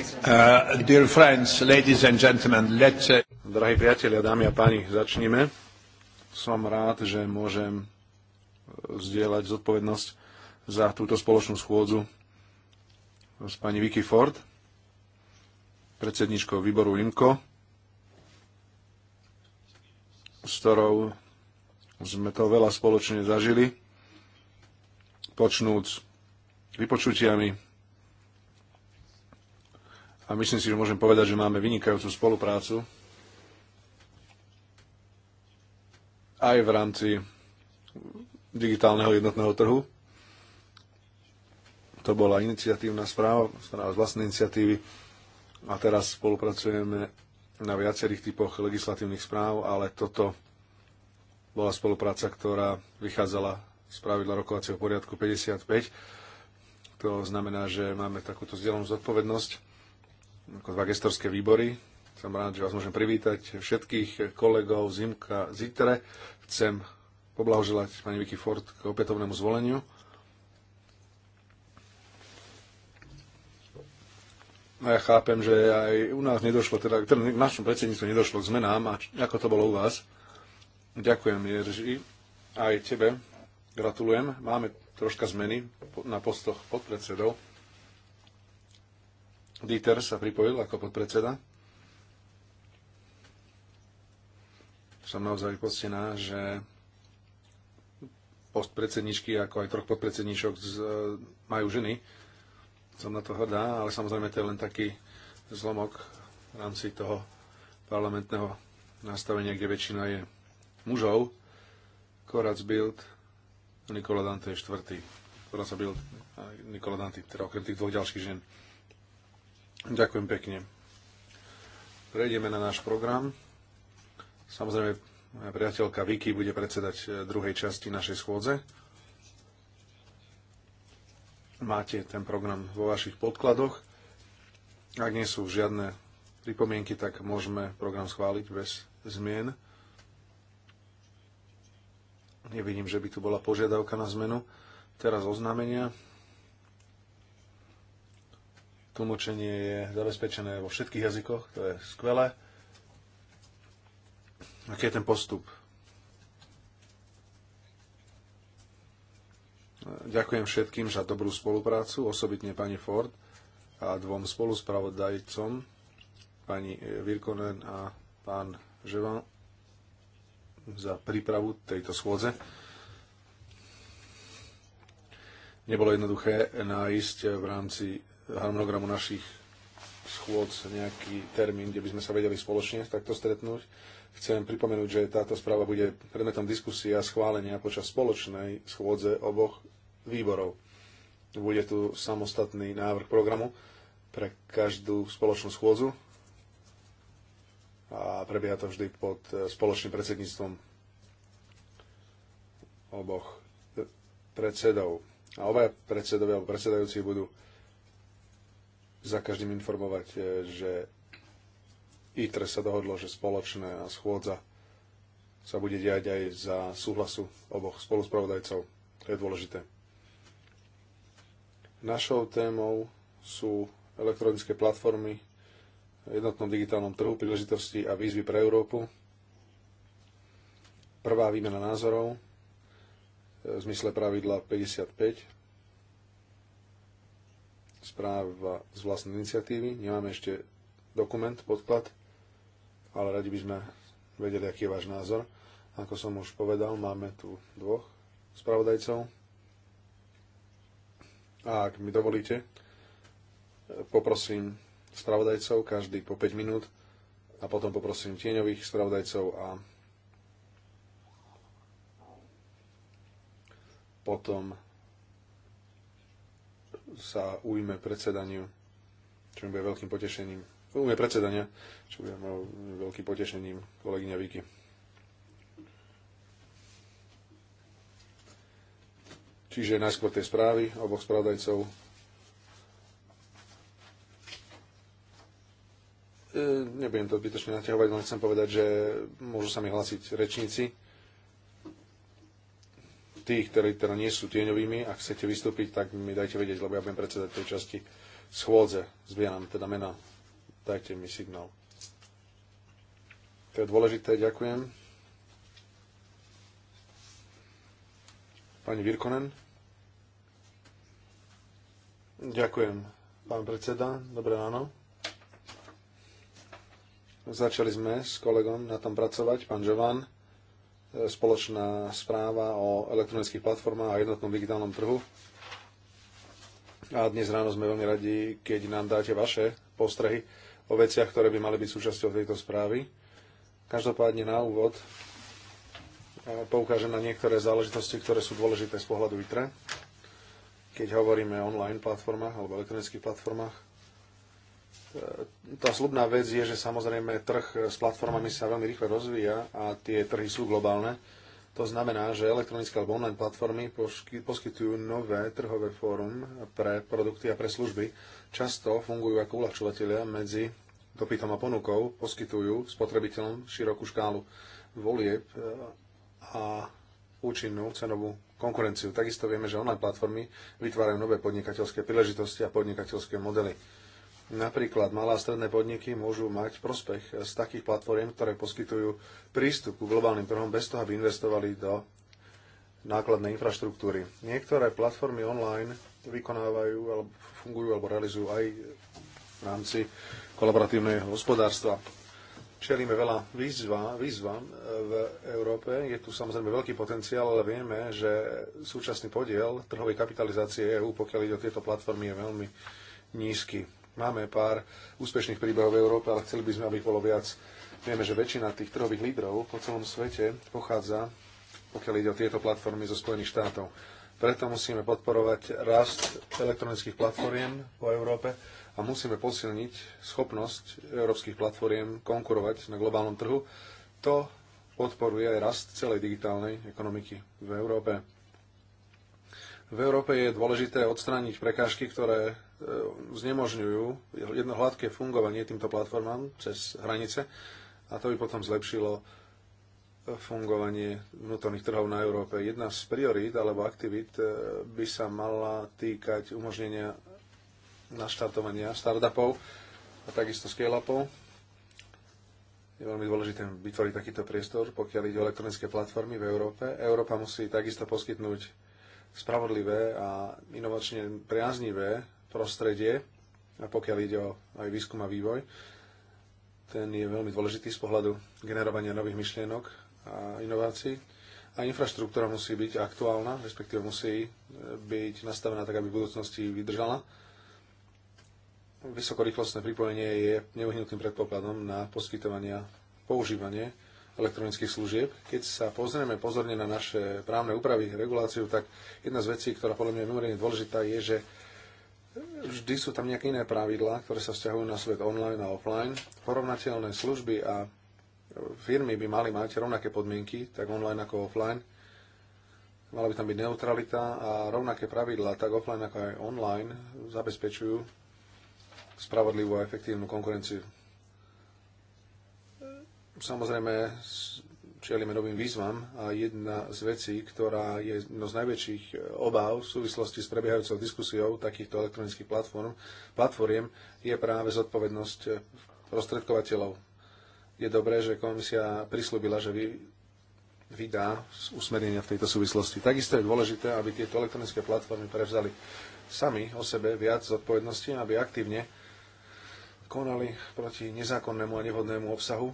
Uh, dear friends, ladies and gentlemen, let's... Uh, Drahí priatelia, dámy a páni, začníme. Som rád, že môžem uh, zdieľať zodpovednosť za túto spoločnú schôdzu s pani Vicky Ford, predsedničkou výboru IMCO, s ktorou sme to veľa spoločne zažili, počnúc vypočutiami, a myslím si, že môžem povedať, že máme vynikajúcu spoluprácu aj v rámci digitálneho jednotného trhu. To bola iniciatívna správa, správa z vlastnej iniciatívy a teraz spolupracujeme na viacerých typoch legislatívnych správ, ale toto bola spolupráca, ktorá vychádzala z pravidla rokovacieho poriadku 55. To znamená, že máme takúto zdieľanú zodpovednosť ako dva gestorské výbory. Som rád, že vás môžem privítať všetkých kolegov Zimka Zitre. Chcem poblahoželať pani Vicky Ford k opätovnému zvoleniu. No ja chápem, že aj u nás nedošlo, teda, teda v našom predsedníctve nedošlo k zmenám, a ako to bolo u vás. Ďakujem, Jerži, aj tebe. Gratulujem. Máme troška zmeny na postoch podpredsedov. Dieter sa pripojil ako podpredseda. Som naozaj postená, že post predsedničky, ako aj troch podpredsedničok z, e, majú ženy. Som na to hrdá, ale samozrejme to je len taký zlomok v rámci toho parlamentného nastavenia, kde väčšina je mužov. Korac Bild, Nikola Dante je štvrtý. Korac Bild a Nikola Dante, teda okrem tých dvoch ďalších žien. Ďakujem pekne. Prejdeme na náš program. Samozrejme, moja priateľka Vicky bude predsedať e, druhej časti našej schôdze. Máte ten program vo vašich podkladoch. Ak nie sú žiadne pripomienky, tak môžeme program schváliť bez zmien. Nevidím, že by tu bola požiadavka na zmenu. Teraz oznámenia. Tlmočenie je zabezpečené vo všetkých jazykoch, to je skvelé. Aký je ten postup? Ďakujem všetkým za dobrú spoluprácu, osobitne pani Ford a dvom spoluspravodajcom, pani eh, Virkonen a pán Ževan, za prípravu tejto schôdze. Nebolo jednoduché nájsť v rámci harmonogramu našich schôdz nejaký termín, kde by sme sa vedeli spoločne takto stretnúť. Chcem pripomenúť, že táto správa bude predmetom diskusie a schválenia počas spoločnej schôdze oboch výborov. Bude tu samostatný návrh programu pre každú spoločnú schôdzu a prebieha to vždy pod eh, spoločným predsedníctvom oboch eh, predsedov. A obaja predsedovia alebo predsedajúci budú za každým informovať, e, že ITRE sa dohodlo, že spoločná schôdza sa bude diať aj za súhlasu oboch spoluspravodajcov. To je dôležité. Našou témou sú elektronické platformy v jednotnom digitálnom trhu príležitosti a výzvy pre Európu. Prvá výmena názorov e, v zmysle pravidla 55 správ z vlastnej iniciatívy. Nemáme ešte dokument, podklad, ale radi by sme vedeli, aký je váš názor. Ako som už povedal, máme tu dvoch spravodajcov. A ak mi dovolíte, poprosím spravodajcov každý po 5 minút a potom poprosím tieňových spravodajcov a potom sa ujme predsedaniu, čo mi bude veľkým potešením. Ujme predsedania, čo bude veľkým potešením kolegyňa Viki. Čiže najskôr tie správy oboch spravodajcov. E, nebudem to zbytočne naťahovať, len chcem povedať, že môžu sa mi hlásiť rečníci tí, ktorí teda nie sú tieňovými, ak chcete vystúpiť, tak mi dajte vedieť, lebo ja budem predsedať tej časti schôdze. Zbieram teda mena. Dajte mi signál. To je dôležité, ďakujem. Pani Virkonen. Ďakujem, pán predseda. Dobré ráno. Začali sme s kolegom na tom pracovať, pán Jovan spoločná správa o elektronických platformách a jednotnom digitálnom trhu. A dnes ráno sme veľmi radi, keď nám dáte vaše postrehy o veciach, ktoré by mali byť súčasťou tejto správy. Každopádne na úvod e, poukážem na niektoré záležitosti, ktoré sú dôležité z pohľadu ITRE, keď hovoríme o online platformách alebo elektronických platformách tá slubná vec je, že samozrejme trh s platformami sa veľmi rýchle rozvíja a tie trhy sú globálne. To znamená, že elektronické alebo online platformy poskytujú nové trhové fórum pre produkty a pre služby. Často fungujú ako uľahčovateľia medzi dopytom a ponukou, poskytujú spotrebiteľom širokú škálu volieb eh, a účinnú cenovú konkurenciu. Takisto vieme, že online platformy vytvárajú nové podnikateľské príležitosti a podnikateľské modely Napríklad malé a stredné podniky môžu mať prospech z takých platform, ktoré poskytujú prístup ku globálnym trhom bez toho, aby investovali do nákladnej infraštruktúry. Niektoré platformy online vykonávajú alebo fungujú alebo realizujú aj v rámci kolaboratívneho hospodárstva. Čelíme veľa výzva, výzva v Európe. Je tu samozrejme veľký potenciál, ale vieme, že súčasný podiel trhovej kapitalizácie EÚ, pokiaľ ide o tieto platformy, je veľmi nízky Máme pár úspešných príbehov v Európe, ale chceli by sme, aby ich bolo viac. Vieme, že väčšina tých trhových lídrov po celom svete pochádza, pokiaľ ide o tieto platformy zo Spojených štátov. Preto musíme podporovať rast elektronických platformiem po Európe a musíme posilniť schopnosť európskych platformiem konkurovať na globálnom trhu. To podporuje aj rast celej digitálnej ekonomiky v Európe v Európe je dôležité odstrániť prekážky, ktoré e, znemožňujú jedno hladké fungovanie týmto platformám cez hranice a to by potom zlepšilo fungovanie vnútorných trhov na Európe. Jedna z priorít alebo aktivít e, by sa mala týkať umožnenia naštartovania startupov a takisto scale-upov. Je veľmi dôležité vytvoriť takýto priestor, pokiaľ ide o elektronické platformy v Európe. Európa musí takisto poskytnúť spravodlivé a inovačne priaznivé prostredie, a pokiaľ ide o aj výskum a vývoj, ten je veľmi dôležitý z pohľadu generovania nových myšlienok a inovácií. A infraštruktúra musí byť aktuálna, respektíve musí e, byť nastavená tak, aby v budúcnosti vydržala. Vysokorýchlostné pripojenie je nevyhnutným predpokladom na poskytovanie používanie elektronických služieb. Keď sa pozrieme pozorne na naše právne úpravy, reguláciu, tak jedna z vecí, ktorá podľa mňa je mimoriadne dôležitá, je, že vždy sú tam nejaké iné pravidlá, ktoré sa vzťahujú na svet online a offline. Porovnateľné služby a firmy by mali mať rovnaké podmienky, tak online ako offline. Mala by tam byť neutralita a rovnaké pravidlá, tak offline ako aj online, zabezpečujú spravodlivú a efektívnu konkurenciu. Samozrejme, čelíme novým výzvam a jedna z vecí, ktorá je jedno z najväčších e, obáv v súvislosti s prebiehajúcou diskusiou takýchto elektronických platform, platformiem je práve zodpovednosť e, prostredkovateľov. Je dobré, že komisia prislúbila, že vy, vydá usmernenia v tejto súvislosti. Takisto je dôležité, aby tieto elektronické platformy prevzali sami o sebe viac zodpovednosti, aby aktívne konali proti nezákonnému a nevhodnému obsahu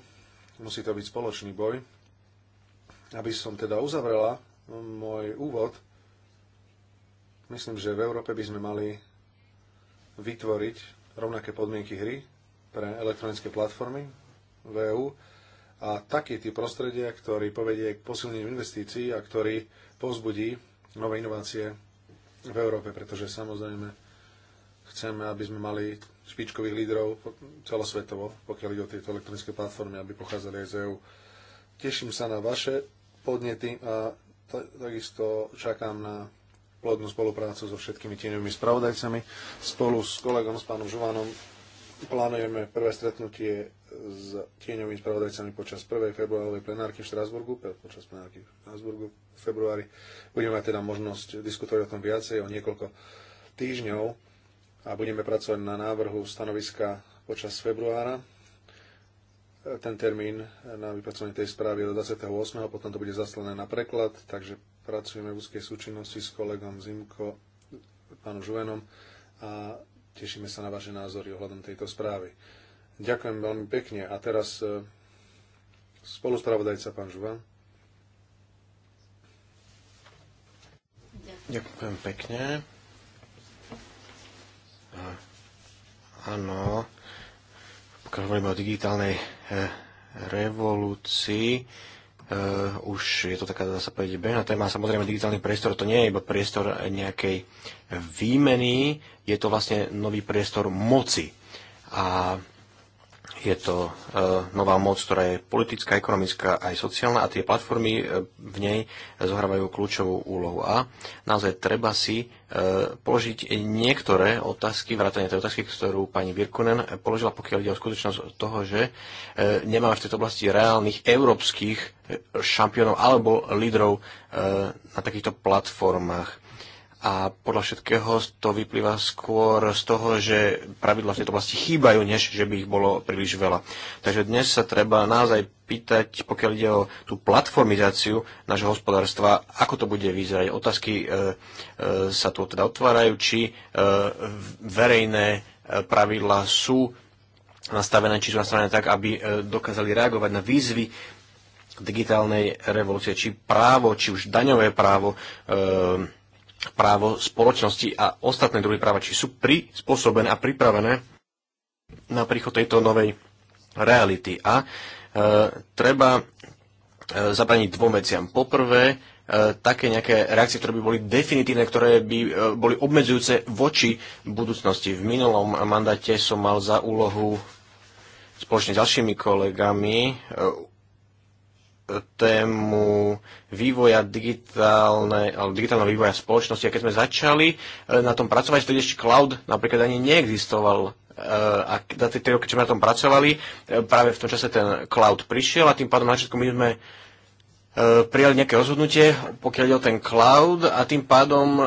Musí to byť spoločný boj. Aby som teda uzavrela no, môj úvod, myslím, že v Európe by sme mali vytvoriť rovnaké podmienky hry pre elektronické platformy v EU a taký typ prostredia, ktorý povedie k posilneniu investícií a ktorý povzbudí nové inovácie v Európe, pretože samozrejme chceme, aby sme mali špičkových lídrov celosvetovo, pokiaľ ide o tieto elektronické platformy, aby pochádzali aj z EU. Teším sa na vaše podnety a takisto čakám na plodnú spoluprácu so všetkými tieňovými spravodajcami. Spolu s kolegom, s pánom Žuvanom, plánujeme prvé stretnutie s tieňovými spravodajcami počas 1. februárovej plenárky v Štrásburgu, počas plenárky v Štrásburgu v februári. Budeme mať teda možnosť diskutovať o tom viacej, o niekoľko týždňov a budeme pracovať na návrhu stanoviska počas februára. Ten termín na vypracovanie tej správy je do 28. potom to bude zaslané na preklad, takže pracujeme v úzkej súčinnosti s kolegom Zimko, pánom Žuvenom a tešíme sa na vaše názory ohľadom tejto správy. Ďakujem veľmi pekne. A teraz e, spoluspravodajca pán Žuvan. Ďakujem pekne. Áno, pokiaľ hovoríme o digitálnej eh, revolúcii, uh, už je to taká, zase povedať, bežná téma. Samozrejme, digitálny priestor to nie je iba priestor nejakej výmeny, je to vlastne nový priestor moci. A je to e, nová moc, ktorá je politická, ekonomická aj sociálna a tie platformy e, v nej zohrávajú kľúčovú úlohu. A naozaj treba si e, položiť niektoré otázky, vrátane tej otázky, ktorú pani Virkunen položila, pokiaľ ide o skutočnosť toho, že nemáme v tejto oblasti reálnych európskych šampiónov alebo lídrov na takýchto platformách a podľa všetkého to vyplýva skôr z toho, že pravidla v tejto oblasti chýbajú, než že by ich bolo príliš veľa. Takže dnes sa treba naozaj pýtať, pokiaľ ide o tú platformizáciu nášho hospodárstva, ako to bude vyzerať. Otázky e, e, sa tu teda otvárajú, či e, verejné e, pravidla sú nastavené, či sú nastavené tak, aby e, dokázali reagovať na výzvy digitálnej revolúcie, či právo, či už daňové právo, e, právo spoločnosti a ostatné druhy práva, či sú prispôsobené a pripravené na príchod tejto novej reality. A e, treba e, zabraniť dvom veciam. Poprvé, e, také nejaké reakcie, ktoré by boli definitívne, ktoré by e, boli obmedzujúce voči budúcnosti. V minulom mandáte som mal za úlohu spoločne s ďalšími kolegami e, tému vývoja digitálne, alebo digitálneho vývoja spoločnosti. A keď sme začali eh, na tom pracovať, vtedy ešte cloud napríklad ani neexistoval. Eh, a za tie roky, čo sme na tom pracovali, eh, práve v tom čase ten cloud prišiel a tým pádom na všetko my sme prijali nejaké rozhodnutie, pokiaľ ide o ten cloud a tým pádom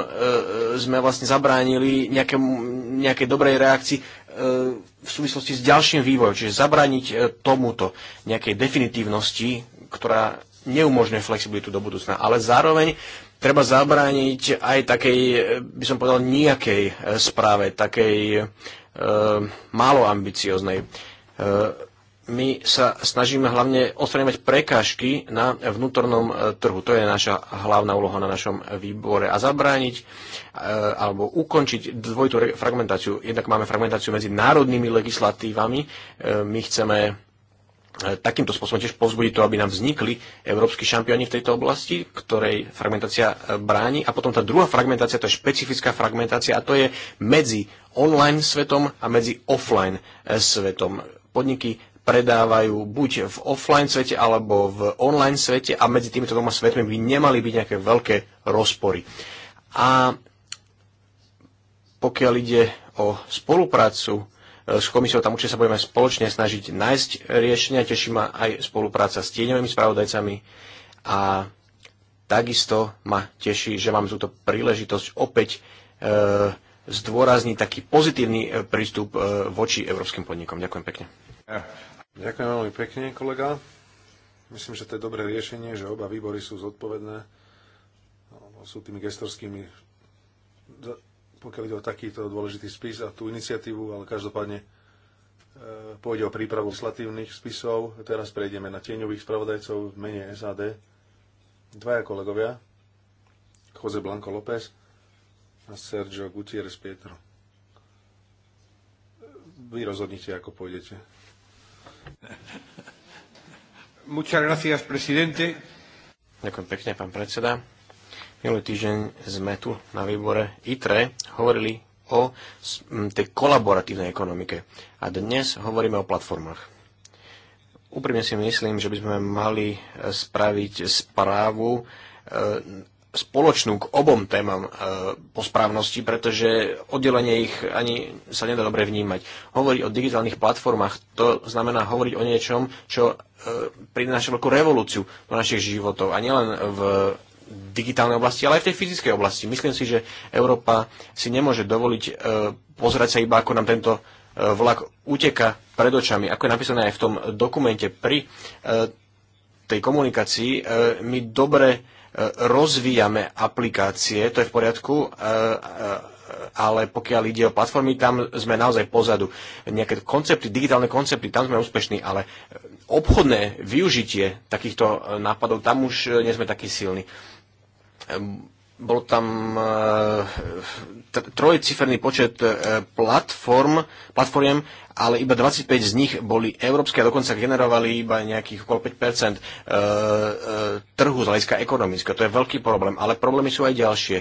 sme vlastne zabránili nejaké, nejakej dobrej reakcii v súvislosti s ďalším vývojom, čiže zabrániť tomuto nejakej definitívnosti ktorá neumožňuje flexibilitu do budúcna. Ale zároveň treba zabrániť aj takej, e, by som povedal, nejakej e, správe, takej e, málo ambicioznej. E, my sa snažíme hlavne odstraňovať prekážky na vnútornom e, trhu. To je naša hlavná úloha na našom výbore. A zabrániť e, alebo ukončiť dvojitú fragmentáciu. Jednak máme fragmentáciu medzi národnými legislatívami. E, my chceme E, takýmto spôsobom tiež povzbudiť to, aby nám vznikli európsky šampióni v tejto oblasti, ktorej fragmentácia e, bráni. A potom tá druhá fragmentácia, to je špecifická fragmentácia a to je medzi online svetom a medzi offline e, svetom. Podniky predávajú buď v offline svete alebo v online svete a medzi týmito dvoma svetmi by nemali byť nejaké veľké rozpory. A pokiaľ ide o spoluprácu s komisiou tam určite sa budeme spoločne snažiť nájsť riešenia. Teší ma aj spolupráca s tieňovými spravodajcami a takisto ma teší, že mám túto príležitosť opäť e, zdôrazniť taký pozitívny e, prístup e, voči európskym podnikom. Ďakujem pekne. Ďakujem veľmi pekne, kolega. Myslím, že to je dobré riešenie, že oba výbory sú zodpovedné, sú tými gestorskými pokiaľ ide o takýto dôležitý spis a tú iniciatívu, ale každopádne e, pôjde o prípravu legislatívnych spisov. Teraz prejdeme na tieňových spravodajcov v mene SAD. Dvaja kolegovia, Jose Blanco López a Sergio Gutierrez Pietro. Vy rozhodnite, ako pôjdete. Muchas gracias, presidente. Ďakujem pekne, pán predseda. Minulý týždeň sme tu na výbore ITRE hovorili o tej kolaboratívnej ekonomike. A dnes hovoríme o platformách. Úprimne si myslím, že by sme mali e, spraviť správu e, spoločnú k obom témam e, po správnosti, pretože oddelenie ich ani sa nedá dobre vnímať. Hovoriť o digitálnych platformách, to znamená hovoriť o niečom, čo prináša veľkú revolúciu do našich životov. A nielen v digitálnej oblasti, ale aj v tej fyzickej oblasti. Myslím si, že Európa si nemôže dovoliť e, pozerať sa iba, ako nám tento e, vlak uteka pred očami. Ako je napísané aj v tom dokumente, pri e, tej komunikácii my dobre rozvíjame aplikácie, to je v poriadku, ale pokiaľ ide o platformy, tam sme naozaj pozadu. Nejaké koncepty, digitálne koncepty, tam sme úspešní, ale obchodné využitie takýchto nápadov, tam už nie sme takí silní bol tam e, trojciferný počet e, platform, platformiem, ale iba 25 z nich boli európske a dokonca generovali iba nejakých okolo 5 e, trhu z hľadiska ekonomického. To je veľký problém, ale problémy sú aj ďalšie.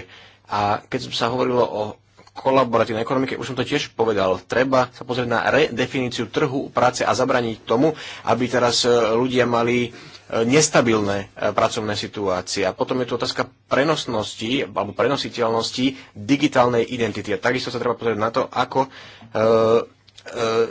A keď sa hovorilo o kolaboratívnej ekonomike, už som to tiež povedal, treba sa pozrieť na redefiníciu trhu práce a zabraniť tomu, aby teraz ľudia mali nestabilné e, pracovné situácie. A potom je tu otázka prenosnosti alebo prenositeľnosti digitálnej identity. A takisto sa treba pozrieť na to, ako e, e,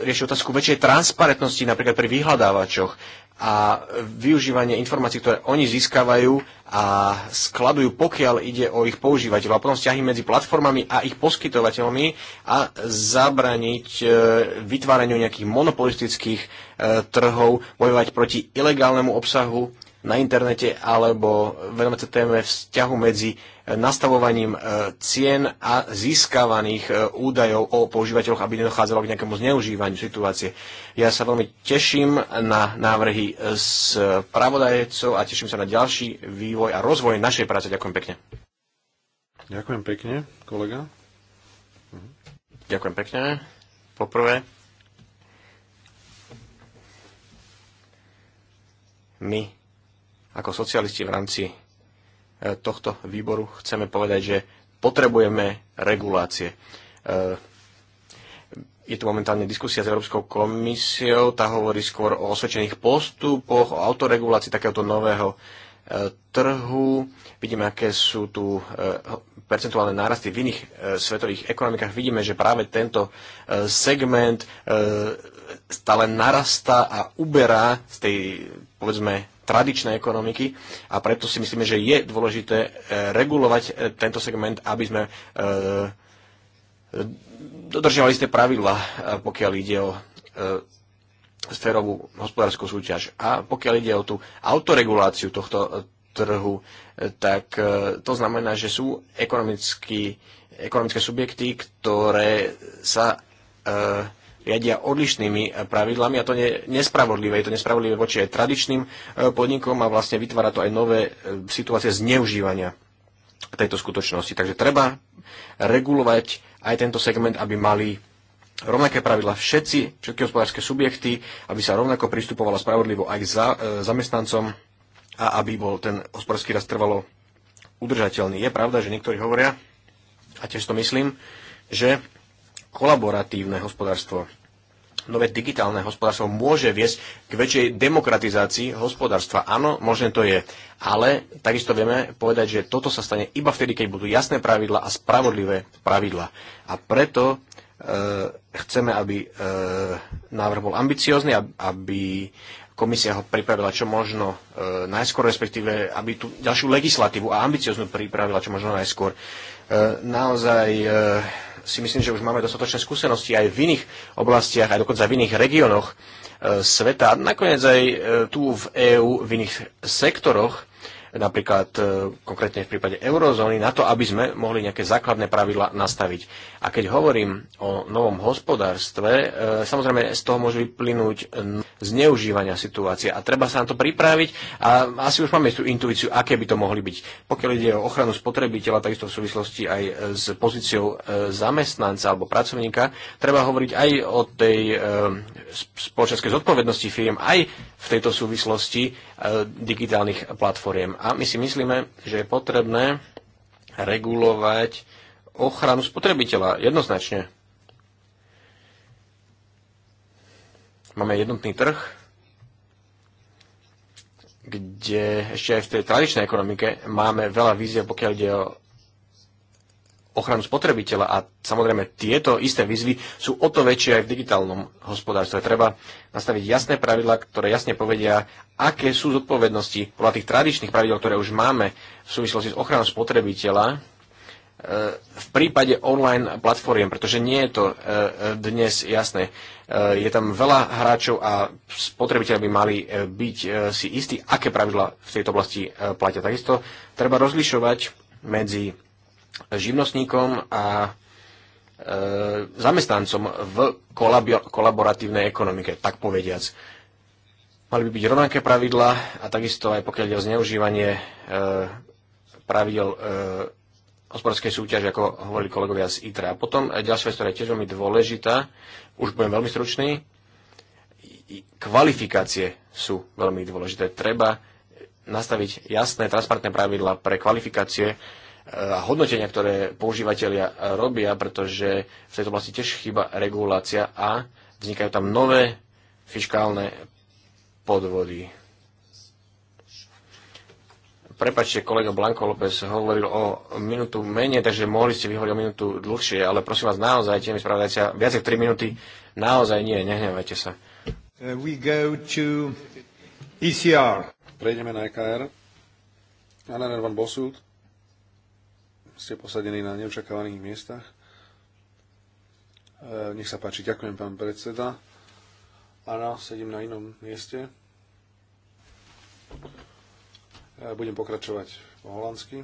rieši otázku väčšej transparentnosti napríklad pri vyhľadávačoch a využívanie informácií, ktoré oni získavajú a skladujú, pokiaľ ide o ich používateľov a potom vzťahy medzi platformami a ich poskytovateľmi a zabraniť e, vytváraniu nejakých monopolistických e, trhov, bojovať proti ilegálnemu obsahu na internete alebo venovať sa téme vzťahu medzi eh, nastavovaním eh, cien a získavaných eh, údajov o používateľoch, aby nedochádzalo k nejakému zneužívaniu situácie. Ja sa veľmi teším na návrhy s pravodajcov a teším sa na ďalší vývoj a rozvoj našej práce. Ďakujem pekne. Ďakujem pekne, kolega. Mhm. Ďakujem pekne. Poprvé, my ako socialisti v rámci e, tohto výboru chceme povedať, že potrebujeme regulácie. E, je tu momentálne diskusia s Európskou komisiou, tá hovorí skôr o osvedčených postupoch, o autoregulácii takéhoto nového e, trhu. Vidíme, aké sú tu percentuálne nárasty v iných svetových ekonomikách. Vidíme, že práve tento segment stále narastá a uberá z tej povedzme, tradičné ekonomiky a preto si myslíme, že je dôležité eh, regulovať eh, tento segment, aby sme eh, dodržiavali ste pravidla, pokiaľ ide o sférovú hospodárskú súťaž. A pokiaľ ide o tú autoreguláciu tohto trhu, tak to znamená, že sú ekonomické subjekty, ktoré sa riadia odlišnými eh, pravidlami a to je nespravodlivé. Je to nespravodlivé voči aj tradičným eh, podnikom a vlastne vytvára to aj nové eh, situácie zneužívania tejto skutočnosti. Takže treba regulovať aj tento segment, aby mali rovnaké pravidla všetci, všetky hospodárske subjekty, aby sa rovnako pristupovalo spravodlivo aj k za, e, zamestnancom a aby bol ten hospodársky rast trvalo udržateľný. Je pravda, že niektorí hovoria, a tiež to myslím, že kolaboratívne hospodárstvo. Nové digitálne hospodárstvo môže viesť k väčšej demokratizácii hospodárstva. Áno, možné to je. Ale takisto vieme povedať, že toto sa stane iba vtedy, keď budú jasné pravidla a spravodlivé pravidla. A preto e, chceme, aby e, návrh bol ambiciózny, aby komisia ho pripravila čo možno e, najskôr, respektíve aby tú ďalšiu legislatívu a ambicióznu pripravila čo možno najskôr. Naozaj si myslím, že už máme dostatočné skúsenosti aj v iných oblastiach, aj dokonca v iných regiónoch e, sveta a nakoniec aj e, tu v EÚ v iných sektoroch, napríklad e, konkrétne v prípade eurozóny, na to, aby sme mohli nejaké základné pravidla nastaviť. A keď hovorím o novom hospodárstve, e, samozrejme z toho môže vyplynúť zneužívania situácie a treba sa na to pripraviť a asi už máme tú intuíciu, aké by to mohli byť. Pokiaľ ide o ochranu spotrebiteľa, takisto v súvislosti aj e, s pozíciou zamestnanca alebo pracovníka, treba hovoriť aj o tej spoločenskej zodpovednosti firiem, aj v tejto súvislosti E, digitálnych platformiem. A my si myslíme, že je potrebné regulovať ochranu spotrebiteľa jednoznačne. Máme jednotný trh, kde ešte aj v tej tradičnej ekonomike máme veľa vízie, pokiaľ ide o ochranu spotrebiteľa a samozrejme tieto isté výzvy sú o to väčšie aj v digitálnom hospodárstve. Treba nastaviť jasné pravidlá, ktoré jasne povedia, aké sú zodpovednosti podľa tých tradičných pravidel, ktoré už máme v súvislosti s ochranou spotrebiteľa e, v prípade online platformiem, pretože nie je to e, dnes jasné. E, je tam veľa hráčov a spotrebiteľi by mali byť si istí, aké pravidla v tejto oblasti platia. Takisto treba rozlišovať medzi živnostníkom a e, zamestnancom v kolaboratívnej ekonomike, tak povediac. Mali by byť rovnaké pravidlá a takisto aj pokiaľ ide o zneužívanie e, pravidel e, hospodárskej súťaže, ako hovorili kolegovia z ITRA. A potom ďalšia vec, ktorá je tiež veľmi dôležitá, už budem veľmi stručný, kvalifikácie sú veľmi dôležité. Treba nastaviť jasné, transparentné pravidla pre kvalifikácie a hodnotenia, ktoré používateľia robia, pretože v tejto oblasti tiež chýba regulácia a vznikajú tam nové fiskálne podvody. Prepačte, kolega Blanko López hovoril o minútu menej, takže mohli ste vyhovoriť o minútu dlhšie, ale prosím vás naozaj, tie mi spravodajcia, viac ako 3 minúty, naozaj nie, nehnevajte sa. Uh, we go to ECR. Prejdeme na EKR. Anna Nervan Bosult ste posadení na neočakávaných miestach. E, nech sa páči, ďakujem pán predseda. Áno, sedím na inom mieste. E, budem pokračovať po holandsky.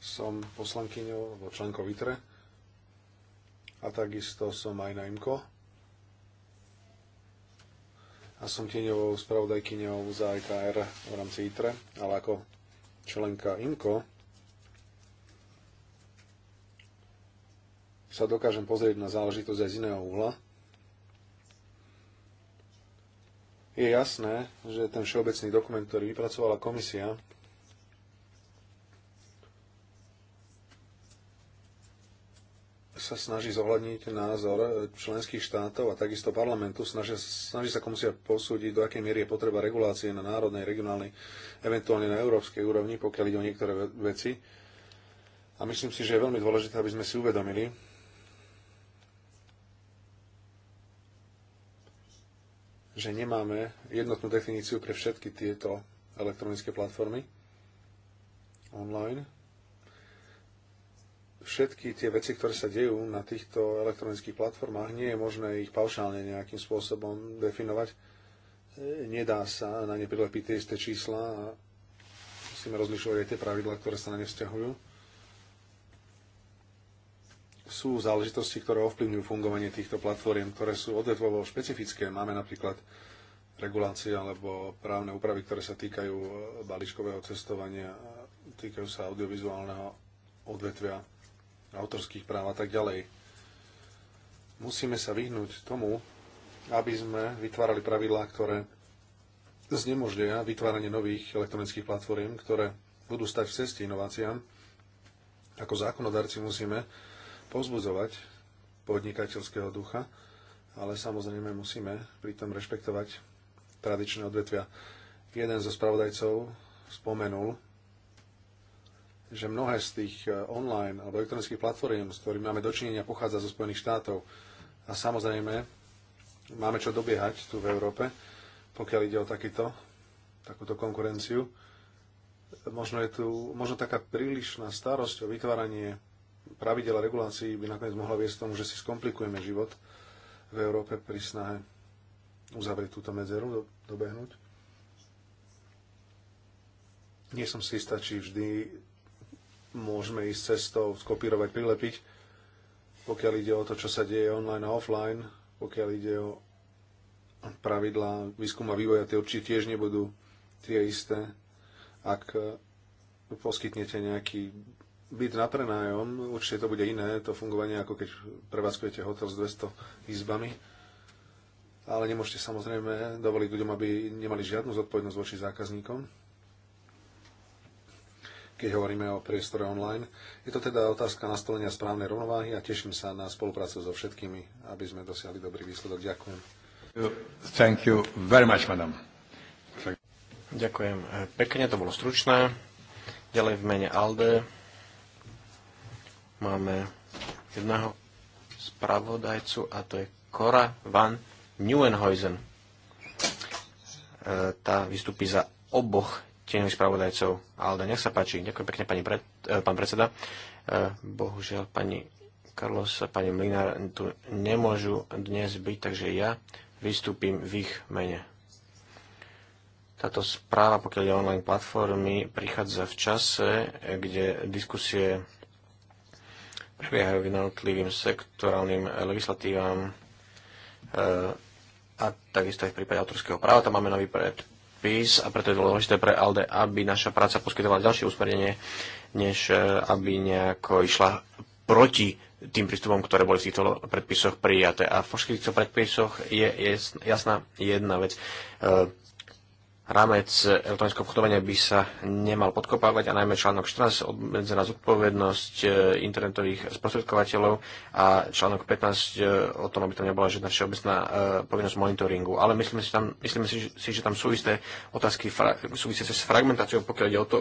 Som poslankyňou alebo členkou Vitre. a takisto som aj na IMKO. A som tieňovou spravodajkyňou za IKR e v rámci ITRE, ale ako členka IMCO, sa dokážem pozrieť na záležitosť aj z iného uhla. Je jasné, že ten všeobecný dokument, ktorý vypracovala komisia, sa snaží zohľadniť názor e, členských štátov a takisto parlamentu. Snaží, snaží sa komisia posúdiť, do akej miery je potreba regulácie na národnej, regionálnej, eventuálne na európskej úrovni, pokiaľ ide o niektoré veci. A myslím si, že je veľmi dôležité, aby sme si uvedomili, že nemáme jednotnú definíciu pre všetky tieto elektronické platformy online všetky tie veci, ktoré sa dejú na týchto elektronických platformách, nie je možné ich paušálne nejakým spôsobom definovať. E, nedá sa na ne prilepiť tie isté čísla a musíme rozlišovať aj tie pravidlá, ktoré sa na ne vzťahujú. Sú záležitosti, ktoré ovplyvňujú fungovanie týchto platform, ktoré sú odvetvovo špecifické. Máme napríklad regulácie alebo právne úpravy, ktoré sa týkajú e, balíčkového cestovania, týkajú sa audiovizuálneho odvetvia autorských práv a tak ďalej. Musíme sa vyhnúť tomu, aby sme vytvárali pravidlá, ktoré znemožnia vytváranie nových elektronických platform, ktoré budú stať v ceste inováciám. Ako zákonodarci musíme pozbudzovať podnikateľského ducha, ale samozrejme musíme pritom rešpektovať tradičné odvetvia. Jeden zo spravodajcov spomenul že mnohé z tých e, online alebo elektronických platform, s ktorými máme dočinenia, pochádza zo Spojených štátov. A samozrejme, máme čo dobiehať tu v Európe, pokiaľ ide o takýto, takúto konkurenciu. Možno je tu možno taká prílišná starosť o vytváranie pravidel a regulácií by nakoniec mohla viesť tomu, že si skomplikujeme život v Európe pri snahe uzavrieť túto medzeru, dobehnúť. Nie som si istá, či vždy môžeme ísť cestou, skopírovať, prilepiť, pokiaľ ide o to, čo sa deje online a offline, pokiaľ ide o pravidlá výskuma vývoja, tie určite tiež nebudú tie isté. Ak e, poskytnete nejaký byt na prenájom, určite to bude iné, to fungovanie, ako keď prevádzkujete hotel s 200 izbami. Ale nemôžete samozrejme dovoliť ľuďom, aby nemali žiadnu zodpovednosť voči zákazníkom keď hovoríme o priestore online. Je to teda otázka nastolenia správnej rovnováhy a teším sa na spoluprácu so všetkými, aby sme dosiahli dobrý výsledok. Ďakujem. Thank you very much, madam. Ďakujem eh, pekne, to bolo stručné. Ďalej v mene ALDE máme jedného spravodajcu a to je Cora van Neuenhuizen. Eh, tá vystupí za oboch tieňových spravodajcov. Alda, nech sa páči. Ďakujem pekne, pani pred, e, pán predseda. Eh, bohužiaľ, pani Carlos a pani Mlinár tu nemôžu dnes byť, takže ja vystúpim v ich mene. Táto správa, pokiaľ je online platformy, prichádza v čase, kde diskusie prebiehajú jednotlivým sektorálnym legislatívam e, a takisto aj v prípade autorského práva. Tam máme nový pred, spis a preto je dôležité pre ALDE, aby naša práca poskytovala ďalšie usmernenie, než e, aby nejako išla proti tým prístupom, ktoré boli v týchto predpisoch prijaté. A v všetkých týchto predpisoch je jasná jedna vec. E, Rámec elektronického obchodovania by sa nemal podkopávať a najmä článok 14 obmedzená zodpovednosť e, internetových sprostredkovateľov a článok 15 e, o tom, aby tam nebola žiadna všeobecná e, povinnosť monitoringu. Ale myslíme si, tam, myslíme si, že tam sú isté otázky súvisiace s fragmentáciou, pokiaľ ide o to,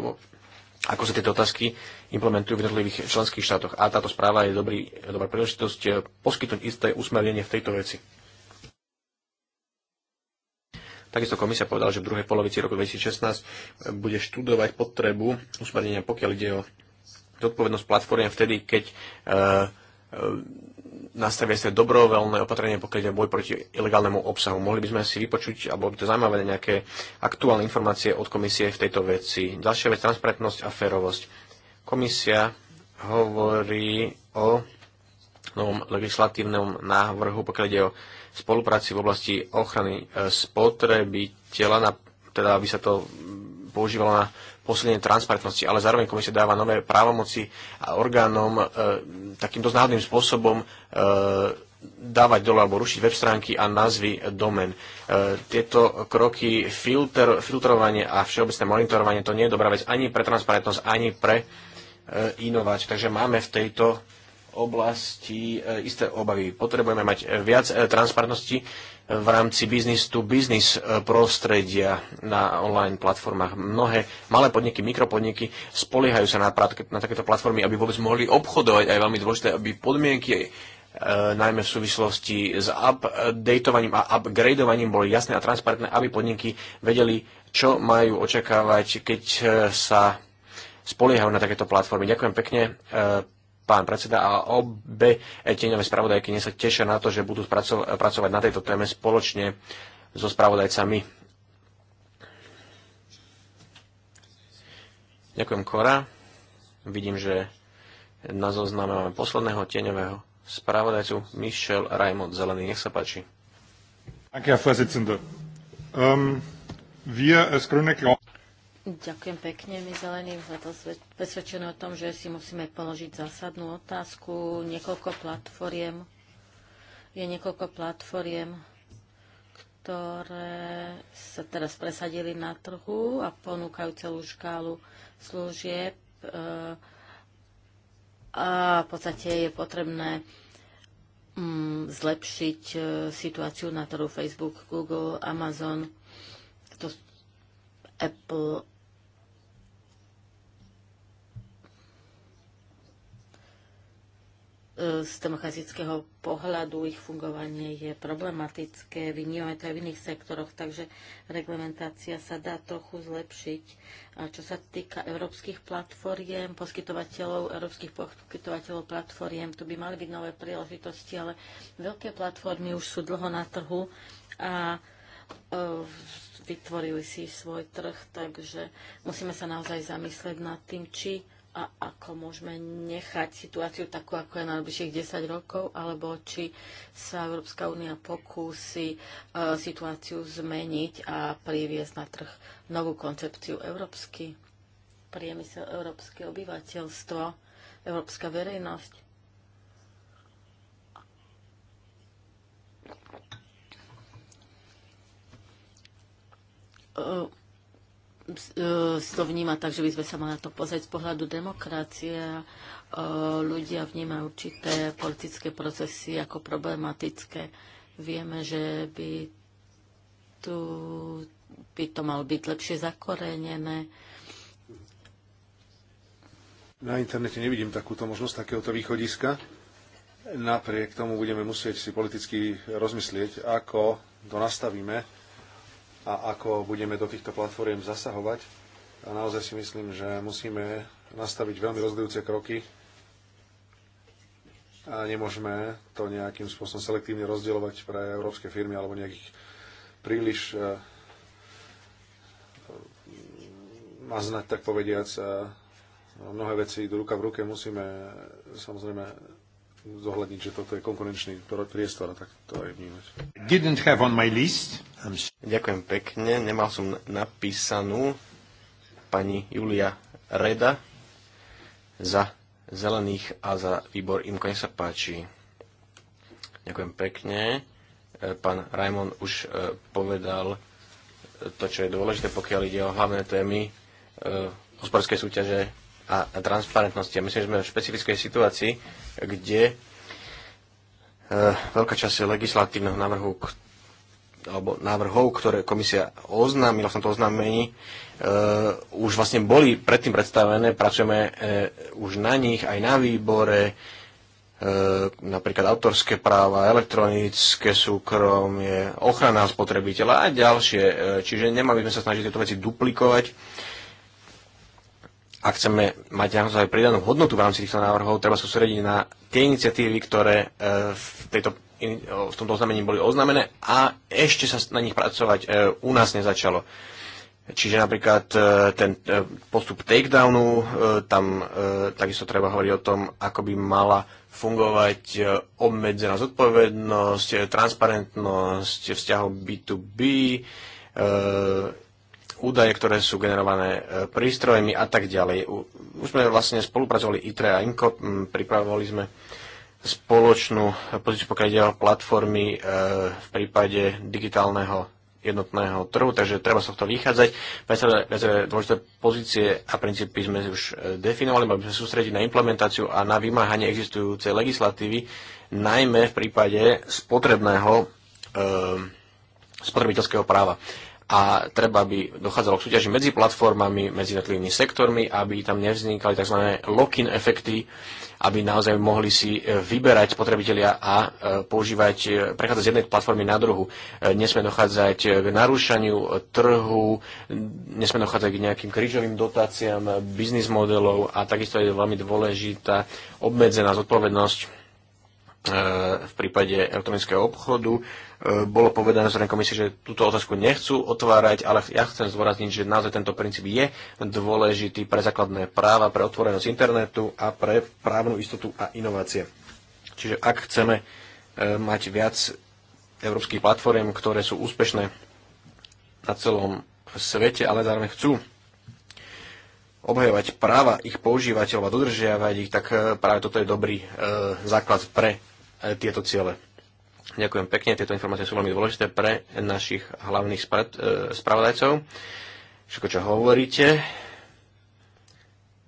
ako sa tieto otázky implementujú v jednotlivých členských štátoch. A táto správa je dobrý, dobrá príležitosť poskytnúť isté usmernenie v tejto veci. Takisto komisia povedala, že v druhej polovici roku 2016 bude študovať potrebu usmernenia, pokiaľ ide o zodpovednosť platformiem vtedy, keď e, e, nastavia sa dobrovoľné opatrenie, pokiaľ ide boj proti ilegálnemu obsahu. Mohli by sme si vypočuť, alebo by to zaujímavé, nejaké aktuálne informácie od komisie v tejto veci. Ďalšia vec, transparentnosť a férovosť. Komisia hovorí o novom legislatívnom návrhu, pokiaľ ide o spolupráci v oblasti ochrany e, spotrebiteľa, na, teda aby sa to používalo na posilnenie transparentnosti, ale zároveň komisia dáva nové právomoci a orgánom e, dosť náhodným spôsobom e, dávať dole alebo rušiť web stránky a názvy domen. E, tieto kroky, filter, filtrovanie a všeobecné monitorovanie, to nie je dobrá vec ani pre transparentnosť, ani pre e, inováciu. Takže máme v tejto oblasti e, isté obavy. Potrebujeme mať e, viac e, transparentnosti v rámci business to business prostredia na online platformách. Mnohé malé podniky, mikropodniky spoliehajú sa na, na takéto platformy, aby vôbec mohli obchodovať. A je veľmi dôležité, aby podmienky najmä v súvislosti s updatovaním a upgradeovaním boli jasné a transparentné, aby podniky vedeli, čo majú očakávať, keď sa spoliehajú na takéto platformy. Ďakujem pekne pán predseda a obe tieňové spravodajky sa tešia na to, že budú pracovať na tejto téme spoločne so spravodajcami. Ďakujem, Kora. Vidím, že na zozname máme posledného tieňového spravodajcu Michel Raimond Zelený. Nech sa páči. Ďakujem, Herr Vorsitzender. Um, wir als Grüne glauben... Ďakujem pekne. My za sme presvedčené o tom, že si musíme položiť zásadnú otázku. Niekoľko platformiem je niekoľko platformiem, ktoré sa teraz presadili na trhu a ponúkajú celú škálu služieb. Eh, a v podstate je potrebné mm, zlepšiť eh, situáciu na trhu Facebook, Google, Amazon, to Apple z demokratického pohľadu ich fungovanie je problematické, vnímame to aj v iných sektoroch, takže reglementácia sa dá trochu zlepšiť. A čo sa týka európskych platformiem, poskytovateľov, európskych poskytovateľov platformiem, tu by mali byť nové príležitosti, ale veľké platformy už sú dlho na trhu a e, vytvorili si svoj trh, takže musíme sa naozaj zamyslieť nad tým, či a ako môžeme nechať situáciu takú, ako je na najbližších 10 rokov, alebo či sa Európska únia pokúsi e, situáciu zmeniť a priviesť na trh novú koncepciu európsky priemysel, európske obyvateľstvo, európska verejnosť. E, E, si to vníma tak, že by sme sa mali na to pozrieť z pohľadu demokracie. E, ľudia vnímajú určité politické procesy ako problematické. Vieme, že by, tu, by to malo byť lepšie zakorenené. Na internete nevidím takúto možnosť takéhoto východiska. Napriek tomu budeme musieť si politicky rozmyslieť, ako to nastavíme a ako budeme do týchto platform zasahovať. A naozaj si myslím, že musíme nastaviť veľmi rozhodujúce kroky a nemôžeme to nejakým spôsobom selektívne rozdielovať pre európske firmy alebo nejakých príliš e, e, maznať, tak povediac. Mnohé veci idú ruka v ruke, musíme samozrejme zohľadniť, že toto je konkurenčný priestor a tak to aj vnímať. Didn't have on my list. Ďakujem pekne. Nemal som napísanú pani Julia Reda za zelených a za výbor im nech sa páči. Ďakujem pekne. E, pán Rajmon už e, povedal e, to, čo je dôležité, pokiaľ ide o hlavné témy hospodárskej súťaže a transparentnosti. A myslím, že sme v špecifickej situácii, kde eh, veľká časť legislatívneho návrhu, alebo návrhov, ktoré komisia oznámila v tomto oznámení, e, už vlastne boli predtým predstavené, pracujeme e, už na nich aj na výbore, e, napríklad autorské práva, elektronické súkromie, ochrana spotrebiteľa a ďalšie. E, čiže nemali sme sa snažiť tieto veci duplikovať ak chceme mať naozaj pridanú hodnotu v rámci týchto návrhov, treba sústrediť na tie iniciatívy, ktoré e, v, tejto, v tomto oznámení boli oznámené a ešte sa na nich pracovať e, u nás nezačalo. Čiže napríklad e, ten postup takedownu, tam takisto treba hovoriť o tom, ako by mala fungovať obmedzená zodpovednosť, transparentnosť vzťahov B2B, údaje, ktoré sú generované e, prístrojmi a tak ďalej. Už sme vlastne spolupracovali ITRE a INCO, pripravovali sme spoločnú pozíciu, pokiaľ ide o platformy e, v prípade digitálneho jednotného trhu, takže treba sa v to vychádzať. Viaceré dôležité pozície a princípy sme už e, definovali, mali sme sústrediť na implementáciu a na vymáhanie existujúcej legislatívy, najmä v prípade spotrebného spotrebiteľského práva a treba, aby dochádzalo k súťaži medzi platformami, medzi jednotlivými sektormi, aby tam nevznikali tzv. lock-in efekty, aby naozaj mohli si e, vyberať spotrebitelia a e, používať, e, prechádzať z jednej platformy na druhu. Nesme dochádzať k narúšaniu trhu, nesme dochádzať k nejakým krížovým dotáciám, biznis modelov a takisto je veľmi dôležitá obmedzená zodpovednosť v prípade elektronického obchodu, bolo povedané z strany komisie, že túto otázku nechcú otvárať, ale ja chcem zdôrazniť, že naozaj tento princíp je dôležitý pre základné práva, pre otvorenosť internetu a pre právnu istotu a inovácie. Čiže ak chceme e, mať viac európskych platform, ktoré sú úspešné na celom svete, ale zároveň chcú obhajovať práva ich používateľov a dodržiavať ich, tak e, práve toto je dobrý e, základ pre e, tieto ciele. Ďakujem pekne, tieto informácie sú veľmi dôležité pre našich hlavných e, spravodajcov. Všetko, čo hovoríte.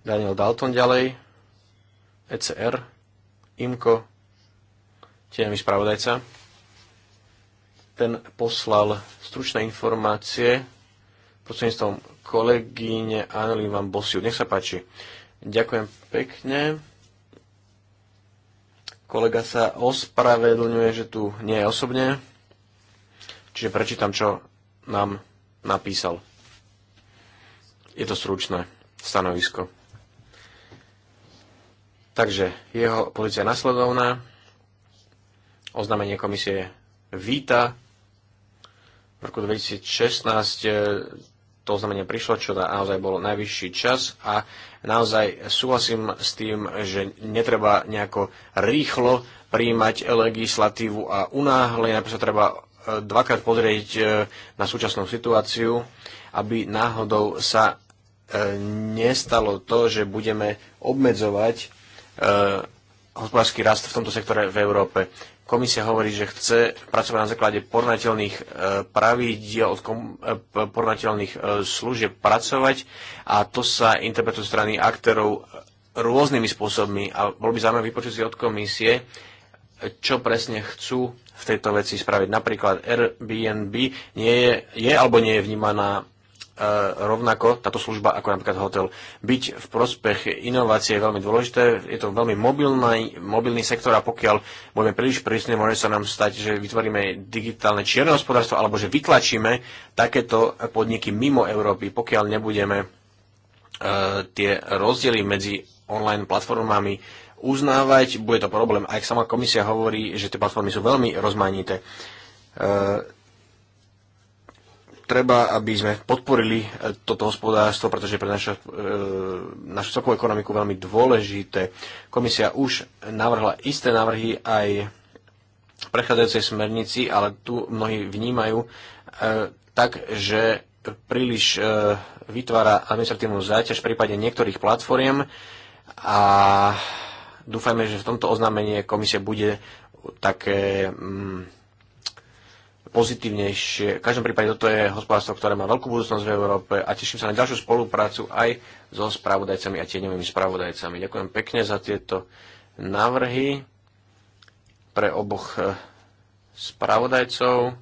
Daniel Dalton ďalej, ECR, IMKO, mi spravodajca. Ten poslal stručné informácie prostredníctvom kolegyne Anneli Van Bosiu. Nech sa páči. Ďakujem pekne. Kolega sa ospravedlňuje, že tu nie je osobne, čiže prečítam, čo nám napísal. Je to stručné stanovisko. Takže jeho pozícia nasledovná. Oznámenie komisie víta. V roku 2016 eh, to znamenie prišlo, čo naozaj bol najvyšší čas a naozaj súhlasím s tým, že netreba nejako rýchlo príjmať legislatívu a unáhle, napríklad treba e, dvakrát pozrieť e, na súčasnú situáciu, aby náhodou sa e, nestalo to, že budeme obmedzovať hospodársky rast v tomto sektore v Európe. Komisia hovorí, že chce pracovať na základe porovnateľných e, pravidiel od e, porovnateľných e, služieb pracovať a to sa interpretuje strany aktérov rôznymi spôsobmi a bolo by zaujímavé vypočuť si od komisie, čo presne chcú v tejto veci spraviť. Napríklad Airbnb nie je, je alebo nie je vnímaná rovnako táto služba ako napríklad hotel. Byť v prospech inovácie je veľmi dôležité, je to veľmi mobilný, mobilný sektor a pokiaľ budeme príliš prísne, môže sa nám stať, že vytvoríme digitálne čierne hospodárstvo alebo že vytlačíme takéto podniky mimo Európy, pokiaľ nebudeme e, tie rozdiely medzi online platformami uznávať, bude to problém. Aj sama komisia hovorí, že tie platformy sú veľmi rozmanité. E, treba, aby sme podporili e, toto hospodárstvo, pretože pre našu, e, našu celkovú ekonomiku veľmi dôležité. Komisia už navrhla isté návrhy aj v prechádzajúcej smernici, ale tu mnohí vnímajú e, tak, že príliš e, vytvára administratívnu záťaž v prípade niektorých platformiem a dúfajme, že v tomto oznámenie komisie bude také... Mm, pozitívnejšie. V každom prípade toto je hospodárstvo, ktoré má veľkú budúcnosť v Európe a teším sa na ďalšiu spoluprácu aj so spravodajcami a tieňovými spravodajcami. Ďakujem pekne za tieto návrhy pre oboch eh, spravodajcov.